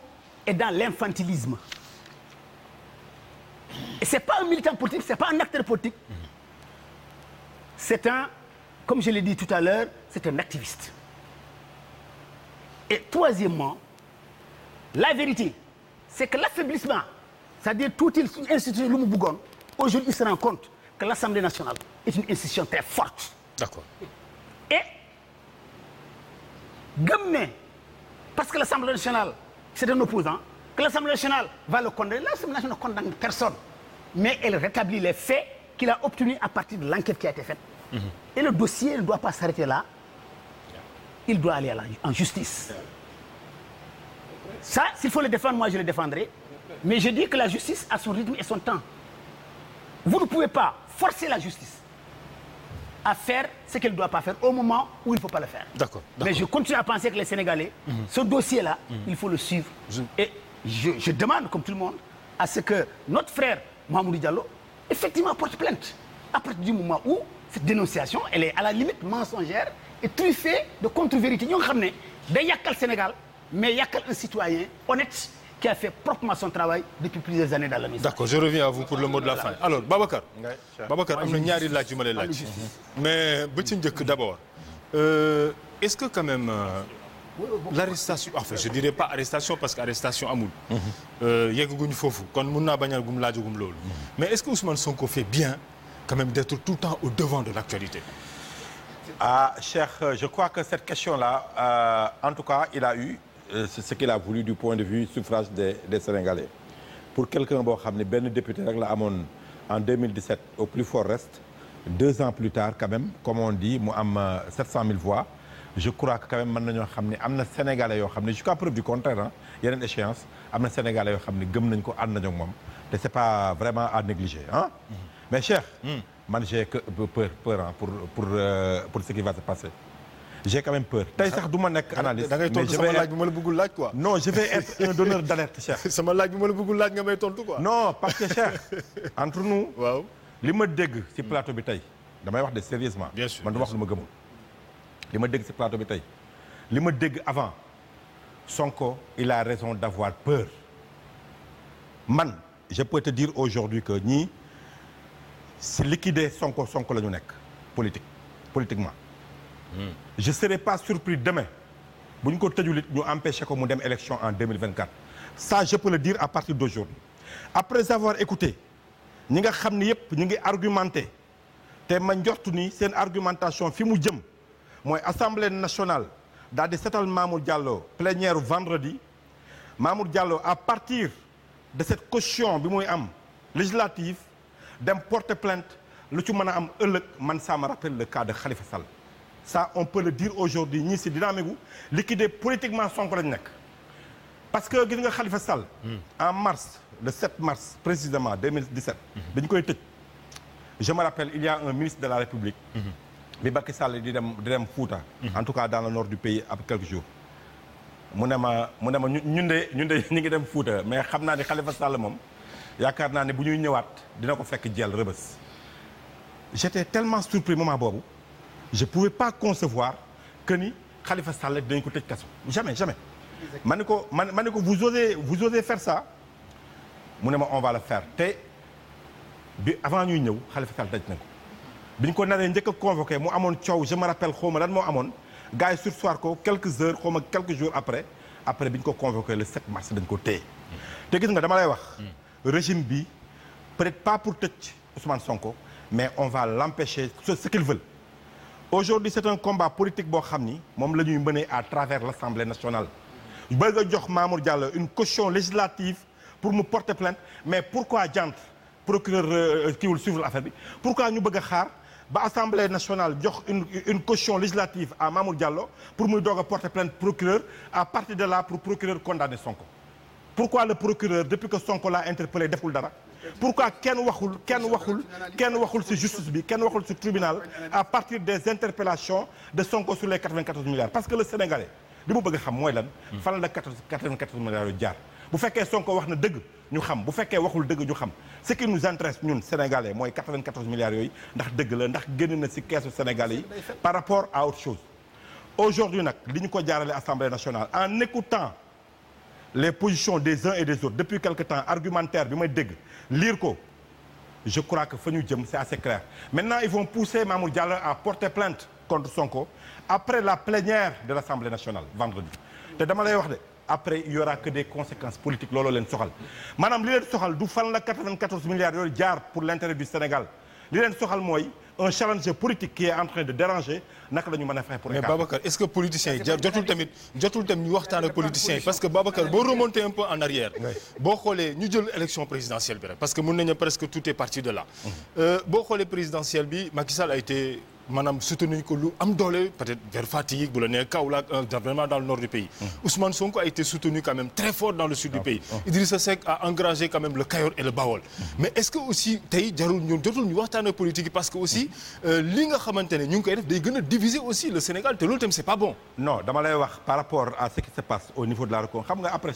C: est dans l'infantilisme et c'est pas un militant politique c'est pas un acteur politique c'est un comme je l'ai dit tout à l'heure c'est un activiste et troisièmement la vérité c'est que l'affaiblissement c'est-à-dire lu mu bëggoon aujourd'hui il se rend compte que l'Assemblée nationale est une institution très forte d'accord et gëm ne parce que l'Assemblée nationale c'est un opposant que l'Assemblée nationale va le condamner. L'Assemblée nationale ne condamne personne, mais elle rétablit les faits qu'il a obtenus à partir de l'enquête qui a été faite. Mmh. Et le dossier ne doit pas s'arrêter là. Il doit aller à la, en justice. Ça, s'il faut le défendre, moi je le défendrai. Mais je dis que la justice a son rythme et son temps. Vous ne pouvez pas forcer la justice. à faire ce qu'elle ne doit pas faire au moment où il ne faut pas le faire. D'accord, d'accord. Mais je continue à penser que les Sénégalais, mmh. ce dossier-là, mmh. il faut le suivre. Je... Et je, je demande, comme tout le monde, à ce que notre frère Mamoudou Diallo, effectivement, porte plainte. À partir du moment où cette dénonciation, elle est à la limite mensongère et truffée de contre-vérité. Nous savons day yàqal Sénégal mais yàqal un citoyen honnête. qui a fait proprement son travail depuis plusieurs années dans la mission. D'accord, je reviens à vous pour le mot de la fin alors Babacar. Babacar am na ñaari laaj yu ma lay laaj. mais bu ci njëkk d'abord
A: euh, est-ce que quand même. Euh, l'arrestation enfin je dirais pas arrestation parce que arrestation amul. Mhm. Euh, yeggaguñu foofu kon mun naa bañ a gum laajagum loolu. Mhm. mais est-ce que Ousmane Sonko fait bien quand même d'être tout le temps au devant de l'actualité.
D: ah Cheikh je crois que cette question-là euh, en tout cas il a Euh, c'est ce qu'il a voulu du point de vue suffrage des des Sénégalais pour quelqu'un boo xam ne benn député rek la amoon en 2017 au plus fort reste deux ans plus tard quand même comme on dit mu am euh, voix je crois que quand même mën nañoo xam ne am na sénégalais yoo xam ne jusqu'à preuve du contraire ah yeneen échéance am na sénégalais yoo xam ne gëm nañ ko ànd nañu ak moom te c'est pas vraiment à négliger ah. mais Cheikh. Mm. man j'ai que peur peur pour pour euh, pour ce qui va se passer. j'ai quand même peur tey sax du ma nekk analyste. da ngay laaj bi ma la bëggul laaj quoi. non je vais être un donneur d'alerte Cheikh. sama laaj bi ma la bëggul laaj nga may tontu quoi. non parce que entre nous. waaw li ma dégg ci plateau bi tey damay wax de sérieusement bien sûr man du wax lu ma gëmul. li ma dégg ci plateau bi tey li ma dégg avant Sonko il a raison d'avoir peur man je peux te dire aujourd'hui que ñii si liquider Sonko Sonko la ñu nekk politique politiquement. je ne serai pas surpris bu ñu ko tëjulit ñu empêché ko mu dem élection en 2024 ça je peux le dire à partir d'aujourd'hui après avoir écouté ñi nga xam ne yëpp ñu ngi argumenté te ma njortu ni seen argumentation fi mu jëm mooy assemblée nationale daal di setal Mamour Diallo plénière vendredi Mamour jàlloo à partir de cette caution bi muy am législative dem porter plainte lu ci mën a am ëllëg man ça me rappelle le cas de Khalifa ça on peut le dire aujourd'hui ñii si dynamique gu liquider politiquement Sonko lañ nekk parce que gis nga xalifa Sall. Hmm. en mars le 7 mars précisément 2017. Hmm. dañu koy tëj je me rappelle il y a un ministre de la République. Hmm. bi Macky Sall di dem di dem Fouta. en tout cas dans le nord du pays après quelques jours. mu ne ma mu ne ma ñun de ñun de ñu ngi dem Fouta mais xam naa ne Khalifa Sall moom yaakaar naa ne bu ñuy ñëwaat dina ko fekk jël rëbës. j'étais tellement surpris moment boobu. je pouvais pas concevoir que ni xalifa Sall dañ ko tëj kaso jamais jamais ma ne ko ma ma ne ko vous osez vous osez ça mu ne ma on va le faire te bi avant ñuy ñëw Khalifa Sall daj nañ ko bi ñu ko naree njëkk a mu amoon coow je me rappelle xaw ma lan moo amoon gars yi sursoir ko quelques heures xaw ma quelques jours après après bi ñu ko convoqué le 7 mars dañ ko téye te gis nga dama lay wax hmm. régime bi peut-être pas pour tëj Ousmane Sonko mais on va l'empêcher ce qu'ils aujourd'hui c'est un combat politique boo xam ni moom la ñuy mener à travers l'Assemblée nationale bëgg a jox Mamour Diallo une caution législative pour mu porte plainte mais pourquoi jant procureur euh, kiiwul suivre affaire bi pourquoi ñu bëgg a xaar ba assemblée nationale jox une une caution législative à Mamour Diallo pour muy doog a porter plainte procureur à partir de là pour procureur condamner Sonko pourquoi le procureur depuis que Sonko l'a interpellé deful dara pourquoi kenn waxul kenn waxul kenn waxul ci justice bi kenn waxul ci tribunal à partir des interpellations de Sonko sur les 94 milliards parce que le sénégalais li mu bëgg a xam mooy lan fan la 94 milliards yu jaar bu fekkee Sonko wax na dëgg ñu xam bu fekkee waxul dëgg ñu xam ce qui nous intéresse ñun sénégalais mooy 94 milliards yooyu ndax dëgg la ndax génn na ci keesu sénégalais yi par rapport à autre chose aujourd'hui nag li ñu ko jaarale assemblée nationale en écoutant les positions des uns et des autres depuis quelque temps argumentaire bi may dégg liir ko je crois que fa ñu jëm c'est assez clair maintenant ils vont pousser Mamour Diallo à porter plainte contre Sonko après la plénière de l'Assemblée nationale vendredi te dama lay wax de après il y aura que des conséquences politiques looloo leen soxal maanaam li leen soxal du fan la 94 milliards yooyu jaar pour l'intérêt du Sénégal li leen soxal mooy un challenger politique qui est en train de déranger naka la ñu mën a fexe pour. que politiciens yi jotul tamit jotul tamit ñu waxtaan ak politiciens yi parce que Babacar boo remonté un
A: peu en arrière. boo xoolee ñu jël élection présidentielle bi rek parce que mën nañu presque tout est parti de là. Mmh. Euh, boo xoolee présidentielle bi Macky a été maanaam soutenir ko lu am doole peut-être vers Fatick bu la nee Kaolack vraiment dans le nord du pays. Mmh. Ousmane Sonko a été soutenu quand très fort dans le sud du pays. Mmh. Idrissa Seck a engrangé quand même le Kayor et le Bawol. Mmh. mais est-ce que aussi tey jarul ñun
D: jotul ñu waxtaanee politique parce que aussi euh, li nga xamante ne ñu ngi koy def day gën a diviser aussi le Sénégal te loolu tamit c'est pas bon. non dama lay wax par rapport à ce qui se passe au niveau de la réconciliation xam nga après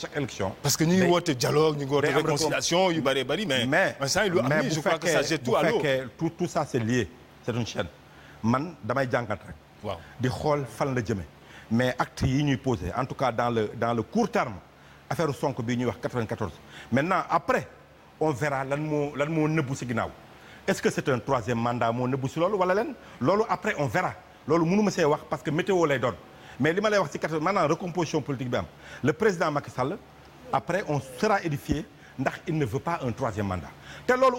D: chaque man damay jàngat rek. waaw di xool fan la jëmee. mais acte yi ñuy posé en tout cas dans le dans le court terme affaire Sonko bi ñuy wax 94. maintenant après on verra lan moo lan moo nëbbu si ginnaaw est-ce que c'est un troisième mandat moo nëbbu si loolu wala leen loolu après on verra loolu mënu ma see wax parce que météo lay doon mais li ma lay wax si 94 maanaam recomposition politique bi am le président Macky Sall après on sera édifié ndax il ne veut pas un troisième te loolu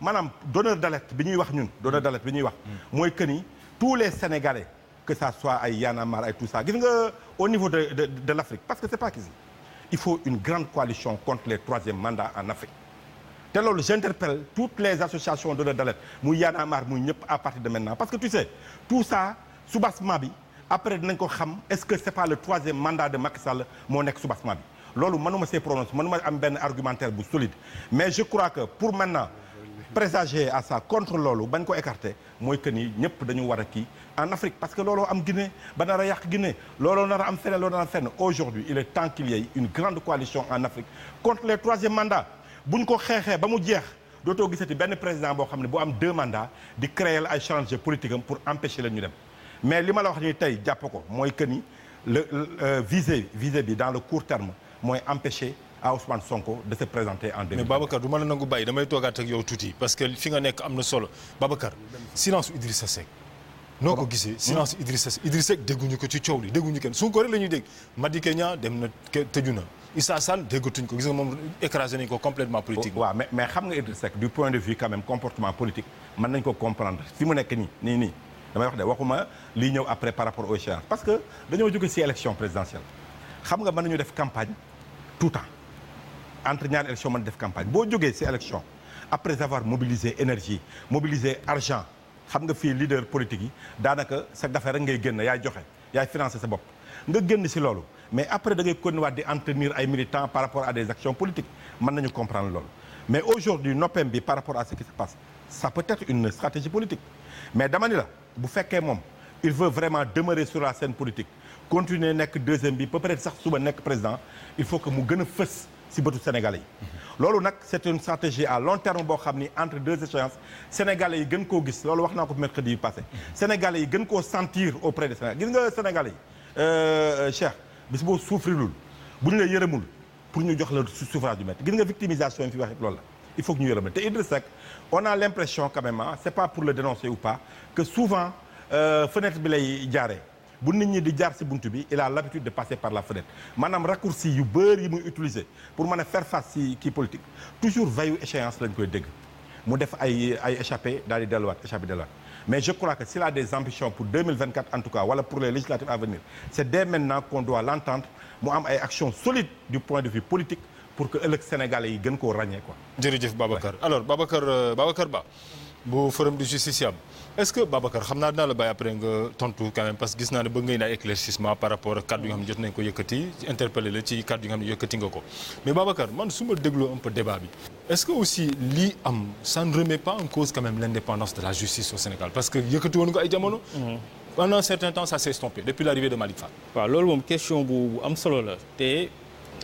D: maanaam donneur d'alerte bi ñuy wax ñun donneur d'alerte bi ñuy wax hmm. mooy que ni tous les sénégalais que ça soit ay Y'en ay tout ça gis nga au niveau de l'Afrique parce que c'est pas qu'ici il faut une grande coalition contre les troisième mandats en Afrique te loolu j'interpelle toutes les associations de d'alerte muy Y'en a marre muy ñëpp à partir de maintenant parce que tu sais tout ça soubassement bi après dinañ ko xam est-ce que c'est pas le troisième moo nekk soubassement bi loolu mënuma see prononcer mënuma am crois que pour maintenant présager à ça contre loolu bañ ko écarté mooy que ni ñëpp dañu war a kii en Afrique parce que looloo am Guinée ba nar a yàq Guinée looloo nar a am feneen loolu nar a fenn aujourd'hui il est temps qu'il y une grande coalition en Afrique contre les troisième mandats bu ko xeexee ba mu jeex dootoo gisati benn président boo xam ne bu am deux mandats di créer ay changer politique am pour empêcher leen ñu dem mais li wax nii tey jàpp ko mooy que ni le visée euh, visée bi dans le court terme mooy empêcher à Ousmane Sonko de se présenter en 2024. mais
A: Babacar du ma la nangu bàyyi damay toogaat yow tuuti parce que fi nga nekk am na solo Babacar silence Idrissa Seck. noo ko gisee hmm? silence Idrissa Seck Idrissa Seck dégguñu ko ci coow li dégguñu kenn Sonko rek la ko gis nga moom
D: écrasé nañ ko complètement politique. waaw mais mais xam nga Idrissa Seck du point de vue quand même comportement politique mën nañ ko comprendre fi mu nekk nii nii nii. damay wax de waxuma lii ñëw après par rapport aux échéances parce que dañoo jóge ci élection présidentielle xam nga mën nañu def campagne tout temps entre ñaari élection mën def campagne boo jógee si élection après avoir mobilisé énergie mobilisé argent xam nga fii leader politique yi daanaka sa dafa rek ngay génn yaay joxe yaay financé sa bopp nga génn si loolu mais après da ngay continuer di entretenir ay militants par rapport à des actions politiques mën nañu comprendre loolu mais aujourd'hui noppem bi par rapport à ce qui se passe ça peut être une stratégie politique mais dama ni la bu fekkee moom il veut vraiment demeurer sur la scène politique continuer nekk bi peut-être sax suba nekk président il faut que mu gën a fës si bëtu sénégalais yi loolu nag c' est une stratégie à long terme boo xam ni entre deux échéances sénégalais yi gën koo gis loolu wax naa ko mercredi yu passé sénégalais yi gën koo sentir auprès des sénégalais gis nga sénégalais yi euh, Cheikh bis boo souffrirul bu ñu la yërëmul pour ñu jox la suffrage du maître gis nga victimisation yi fi wax loolu la il faut que ñu yërëmal te Idriss Seck on a l' quand même ah pas pour le dénoncer ou pas que souvent euh, bi lay jaaree bu nit ñi di jaar si bunt bi il a l'habitude de passer par la fenêtre maanaam raccourci yu bëri muy utiliser pour mën a faire face si kii politique toujours veillu échéance lañ koy dégg mu def ay ay échappé daal di delluwaat mais je crois que s'il a des ambitions pour 2024 en tout cas wala pour les législatives à venir c'est dès maintenant qu'on doit l'entendre mu am ay actions solides du point de vue politique pour que ëllëg sénégalais yi gën koo ràññee quoi. jërëjëf Babacar
A: alors Babacar euh, Babacar Ba bu forum du justiciable est-ce que Babacar xam naa dinaa la bàyyi après nga tontu quand même parce que gis naa ne bëgg ngay daal éclaircissement par rapport ak kàddu yi nga xam ne jot nañ ko yëkkati ci la ci kàddu yi nga xam ne yëkkati nga ko mais Babacar man su dégloo un peu débat bi est-ce que aussi lii am ça ne remet pas en cause quand même l'indépendance de mhm.
E: depuis l'arrivée de Malick Fall. waaw loolu moom question bu am solo la te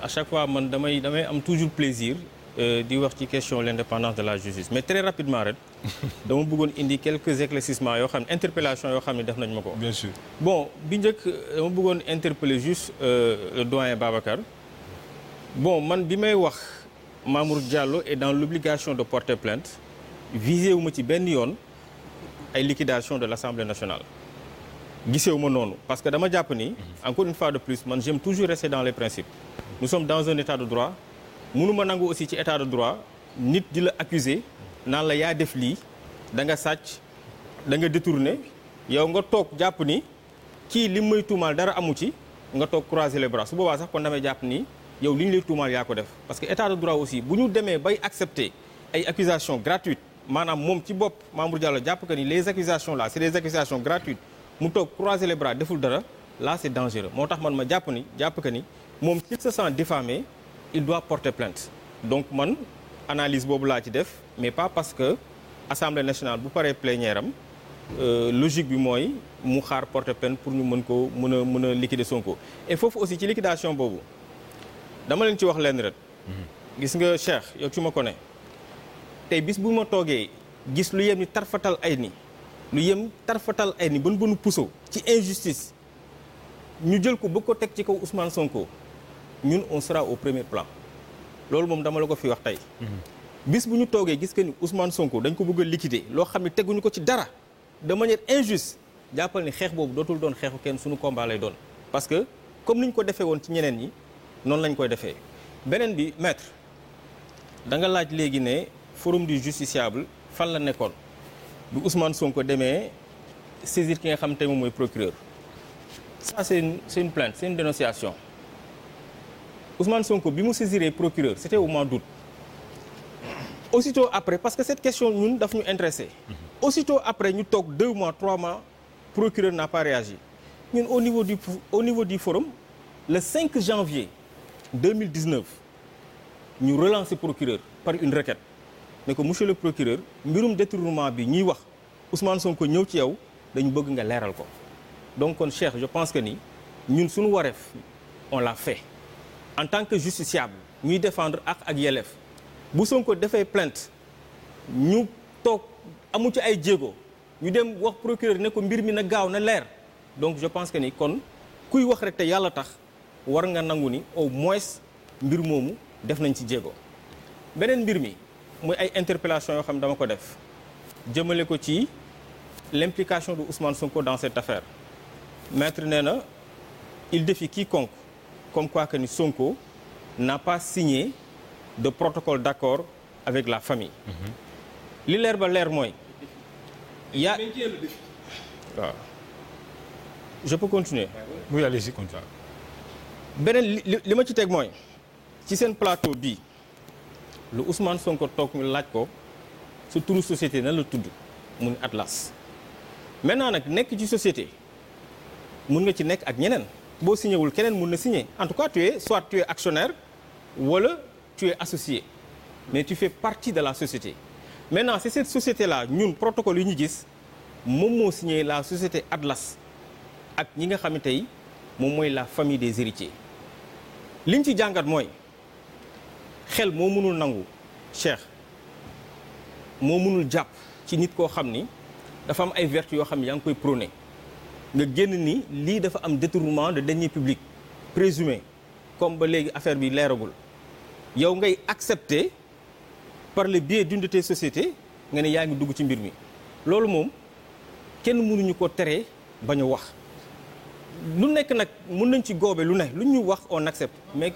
E: à chaque fois man damay damay am toujours plaisir Euh, di wax ci question l'indépendance de la justice mais très rapidement rek dama bëggoon indi quelques éclaircissements yoo xam ne interpellation yoo xam ne def nañ ma ko. bien sûr bon bi njëkk dama bëggoon interpeller juste euh, le doyen Babacar bon man bi may wax Mamour jàlloo est dans l'obligation de porter plainte visé wu ma ci benn yoon ay liquidation de l'Assemblée nationale. gisewu ma noonu parce que dama jàpp ni. Mhm. encore une fois de plus man j'aime toujours rester dans les mënuma nangu aussi ci état de droit nit di la accuser naan la yaa def lii da nga sàcc da nga détourné yow nga toog jàpp ni kii li may tuumaal dara amu ci nga toog croiser les bras su boobaa sax kon damay jàpp ni yow li ñu lay tuumaal yaa ko def parce que état de droit aussi bu ñu demee bay accepter ay accusations gratuites maanaam moom ci bopp Mamour Diallo jàpp que ni les accusations là c'est des accusations gratuites mu toog croiser les bras deful dara là c'est dangereux moo tax man ma jàpp ni jàpp que ni moom s'il se il doit porte plainte donc man analyse boobu laa ci def mais pas parce que assemblée nationale bu paree plénière am euh, logique bi mooy mu xaar porte plainte pour ñu mën ko mën a mën a liquider Sonko et foofu aussi ci liquidation boobu dama leen ci wax leen rek gis nga Cheikh yow ci ma ko ne tey bis bu ma toogee gis lu yem ni tarfatal ay ni lu yem tarfatal ay ni bën bënu puso ci injustice ñu jël ko bëgg ko teg ci kaw Ousmane Sonko ñun on sera au premier plan loolu moom dama la ko fi wax tey. bis bu ñu toogee gis que ni Ousmane Sonko dañ ko bëgg a liquider loo xam ne teguñu ko ci dara dama de manière injuste jàppal ni xeex boobu dootul doon xeexu kenn suñu combat doon. parce que comme ni ñu ko defee woon ci ñeneen ñi noonu lañ koy defee beneen bi maître da nga laaj léegi ne forum du justiciable fan la nekkoon bi Ousmane Sonko demee saisir ki nga xam te moom mooy procureur. ça seen une c'est une plainte c'est Ousmane Sonko bi mu saisiré procureur c'était au mois d'août aussitôt après parce que cette question ñun daf ñu intéressé mhm. aussitôt après ñu toog deux mois trois mois procureur n'a pas réagi ñun au niveau du au niveau du forum le 5 janvier 2019 ñu relancer procureur par une requête ne ko monsieur le procureur mbirum détournement bi ñuy wax Ousmane Sonko ñëw ci yow dañu bëgg nga leeral ko donc kon Cheikh je pense que nii ñun suñu wareef on l'a fait en tant que justiciable muy defendre ak ak yelleef bu Sonko defee plainte ñu toog amu ci ay jéego ñu dem wax procureur ne ko mbir mi na gaaw na leer donc je pense que ni kon kuy wax rek te yàlla tax war nga nangu ni au moins mbir moomu def nañ ci jéego beneen mbir mi muy ay interpellation yoo xam ne dama ko def jëmale ko ci l'implication de Ousmane Sonko dans cette affaire maître nee na il kii quiconque comme quoi que ni Sonko n'a pas signé de protocole d'accord avec la famille. Mhm. li leer ba leer mooy. yaa waaw. Ah. je peux continuer. Ah oui allez beneen li li ma ci teg mooy ci seen plateau bi lu Ousmane Sonko toog ñu laaj ko su turu société nan la tudd mu ne Atlas maintenant nag nekk ci société mun nga ci nekk ak ñeneen. boo signé keneen mun na signé en tout cas tu es soit tu es actionnaire wala tu es associé mais tu fais partie de la société maintenant c'est cette société là ñun protocole yi ñu gis moom moo signé la société Atlas ak ñi nga xam tey moom mooy la famille des héritiers liñ ci jàngat mooy xel moo mënul nangu Cheikh moo mënul jàpp ci nit koo xam ni dafa am ay vertu yoo xam ne yaa ngi koy prôné nga génn ni lii dafa am détournement de deniers publics présumé comme ba léegi affaire bi leeragul yow ngay accepté par le biais d'une de tes nga ne yaa ngi dugg ci mbir mi loolu moom kenn mënuñu ko tere ba ñu wax lu nekk nag mun nañ ci góobe lu ne lu ñu wax on accepte mais.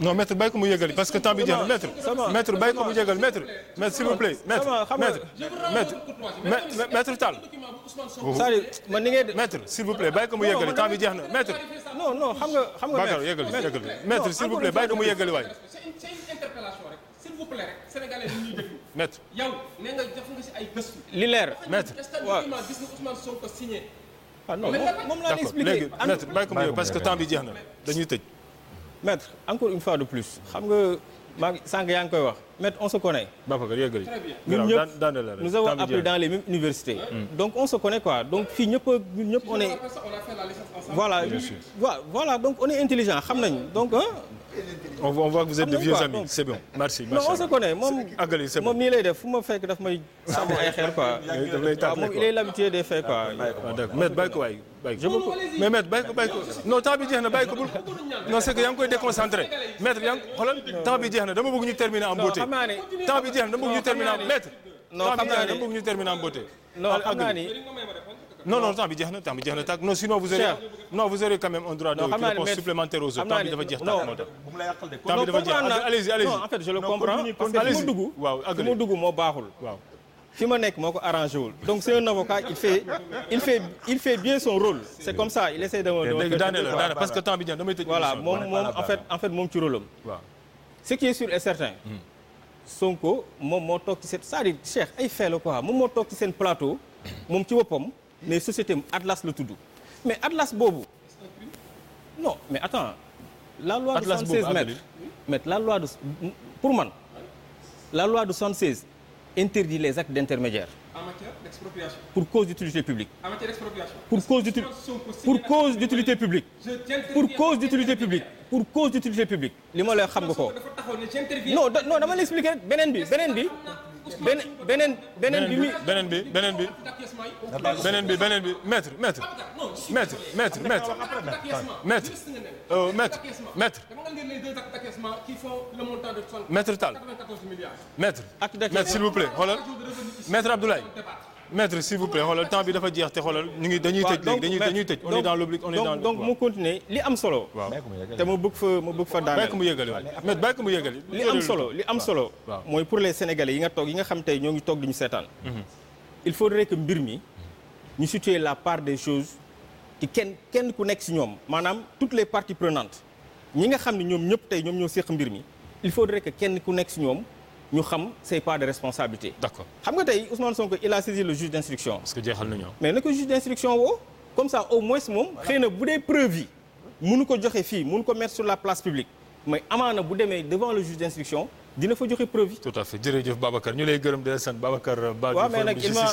E: non maître bàyyi ko mu yëgal parce que temps bi jeex na maître. maître bàyyi ko mu yëgal maître. maître s'il vous plaît maître
G: maître maître maître Tall. c'est-à-dire
A: man ni ngay def. bàyyi ko mu yëgal temps bi jeex na maître. non non xam nga xam nga maître yëgal yëgal maître s'il vous plaît bàyyi ko mu yëgal waay.
B: c'est li leer maître
E: ah non moom laa expliqué maître parce que temps jeex na dañuy tëj. maître encore une fois de plus xam nga maa ngi yaa ngi koy wax maître on se connaît. Babacar yëgal ñun ñëpp nous avons dans les universités. Mm. donc on se connaît quoi donc fii ñëpp ñun ñëpp on est. voilà voilà donc on est intelligent xam nañ donc. on voit que vous êtes de ah, vieux amis
A: c'est bon merci. non on se
E: connaît moom àggali c'est bon moom nii lay def fu ma fekk daf may sàmm
A: ay xel quoi. daf lay tàpp moom il est
E: l'habitude des faits quoi. Ah, ah, maître bàyyi ko waay bàyyi ko
A: mais maître bàyyi ko bàyyi ko non temps bi jeex na bàyyi ko bul non c'est que yaa ngi koy déconcentré maître yaa ngi xoolal temps bi jeex na dama bëgg ñu terminer en beauté
G: temps bi jeex na dama bëgg ñu terminer en maître.
A: non xam naa ne temps bi jeex na dama bëgg ñu terminer en beauté. non xam naa ni non non temps bi jeex na temps bi jeex na tàkk non sinon vous aurez non vous aurez quand même un droit de réponse supplémentaire aux autres temps bi dafa jeex tàkk moo
E: tax
A: temps bi dafa jeex ah, allez-y allez-y non en fait je le comprends parce que fi mu dugg
E: waaw fi mu dugg moo baaxul waaw fi ma nekk moo ko arrangé wul donc c'est un avocat il fait il fait il fait bien son rôle c'est comme ça il essaie de eh, daaneel parce que temps bi jeex damay tëj voilà moom moom en fait en fait moom ci rôle am waaw ce qui est sûr et certain hmm. Sonko moom moo toog ci seen c'est-à-dire Cheikh ay fee la quoi moom moo toog ci seen plateau moom ci boppam mais société am Atlas la tudd mais Atlas boobu. non mais attends la loi Atlas de 76 mètres mais la loi de pour man la loi de 76 interdit les actes d'intermédiaire. en pour cause d'utilité publique.
B: en matière d'expropriation. pour cause pour cause d'utilité
E: publique. pour cause d'utilité publique. pour cause d'utilité li ma lay xam nga ko. non non dama lay beneen bi beneen bi. beneen beneen bi muy beneen bi beneen bi
B: beneen bi beneen bi
E: maître maître maître maître
B: maître maître euh, maître maître
E: maître Tall
A: maître maître s'il vous plaît xoolal maître Abdoulaye maître s'il vous plaît temps bi dafa jeex te xoolal ñu ngi dañuy tëj léegi dañuy tëj. donc
E: mu continuer li am solo. waaw te ma bëgg fa ma bëgg fa daaneel. bàyyi ko mu yëgale li am solo li am solo. mooy pour les sénégalais yi nga toog yi nga xam tey ñoo ngi toog di ñu seetaan. Mhm. il faudrait que mbir mi ñu situer la part des choses ci kenn kenn ku nekk si ñoom maanaam toutes les parties prenantes ñi nga xam ne ñoom ñëpp tey ñoom ñoo séq mbir mi il faudrait que kenn ku nekk si ñoom ñu xam ses parts de responsabilité. d'accord xam nga tey Ousmane Sonko il a saisi le juge d'instruction. parce que jeexal nañu mais na ko juge d'instruction woo. comme ça au moins moom xëy na bu dee preuve yi nu ko joxe fii mënu ko mettre sur la place publique mais amaana bu demee devant le juge d'instruction. dina fa joxe preuve yi.
A: tout à fait jërëjëf Babacar ñu lay gërëm di la sant Babacar. Ba waaw mais nag il m'a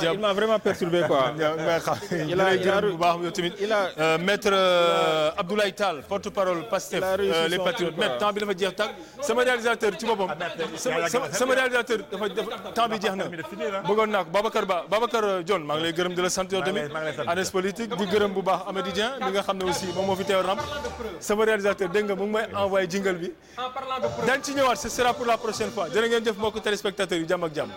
A: il a il a bu baax yow tamit. il a maître Abdoulaye Tall porte bi jeex tàkk. sama réalisateur ci boppam. sama réalisateur dafa jeex na. bëggoon naa ko Babacar Ba Babacar John maa ngi lay gërëm di la sant yow tamit. analyse di gërëm bu baax Amady Dieng mi nga xam ne aussi moom moo fi teew ramp réalisateur dégg nga mu ngi may envoyé bi. dañ ci ñëwaat ce sera pour prochaine fois jërë ngeen jëf mbokku téléspectateurs yi jàmm ak jàmm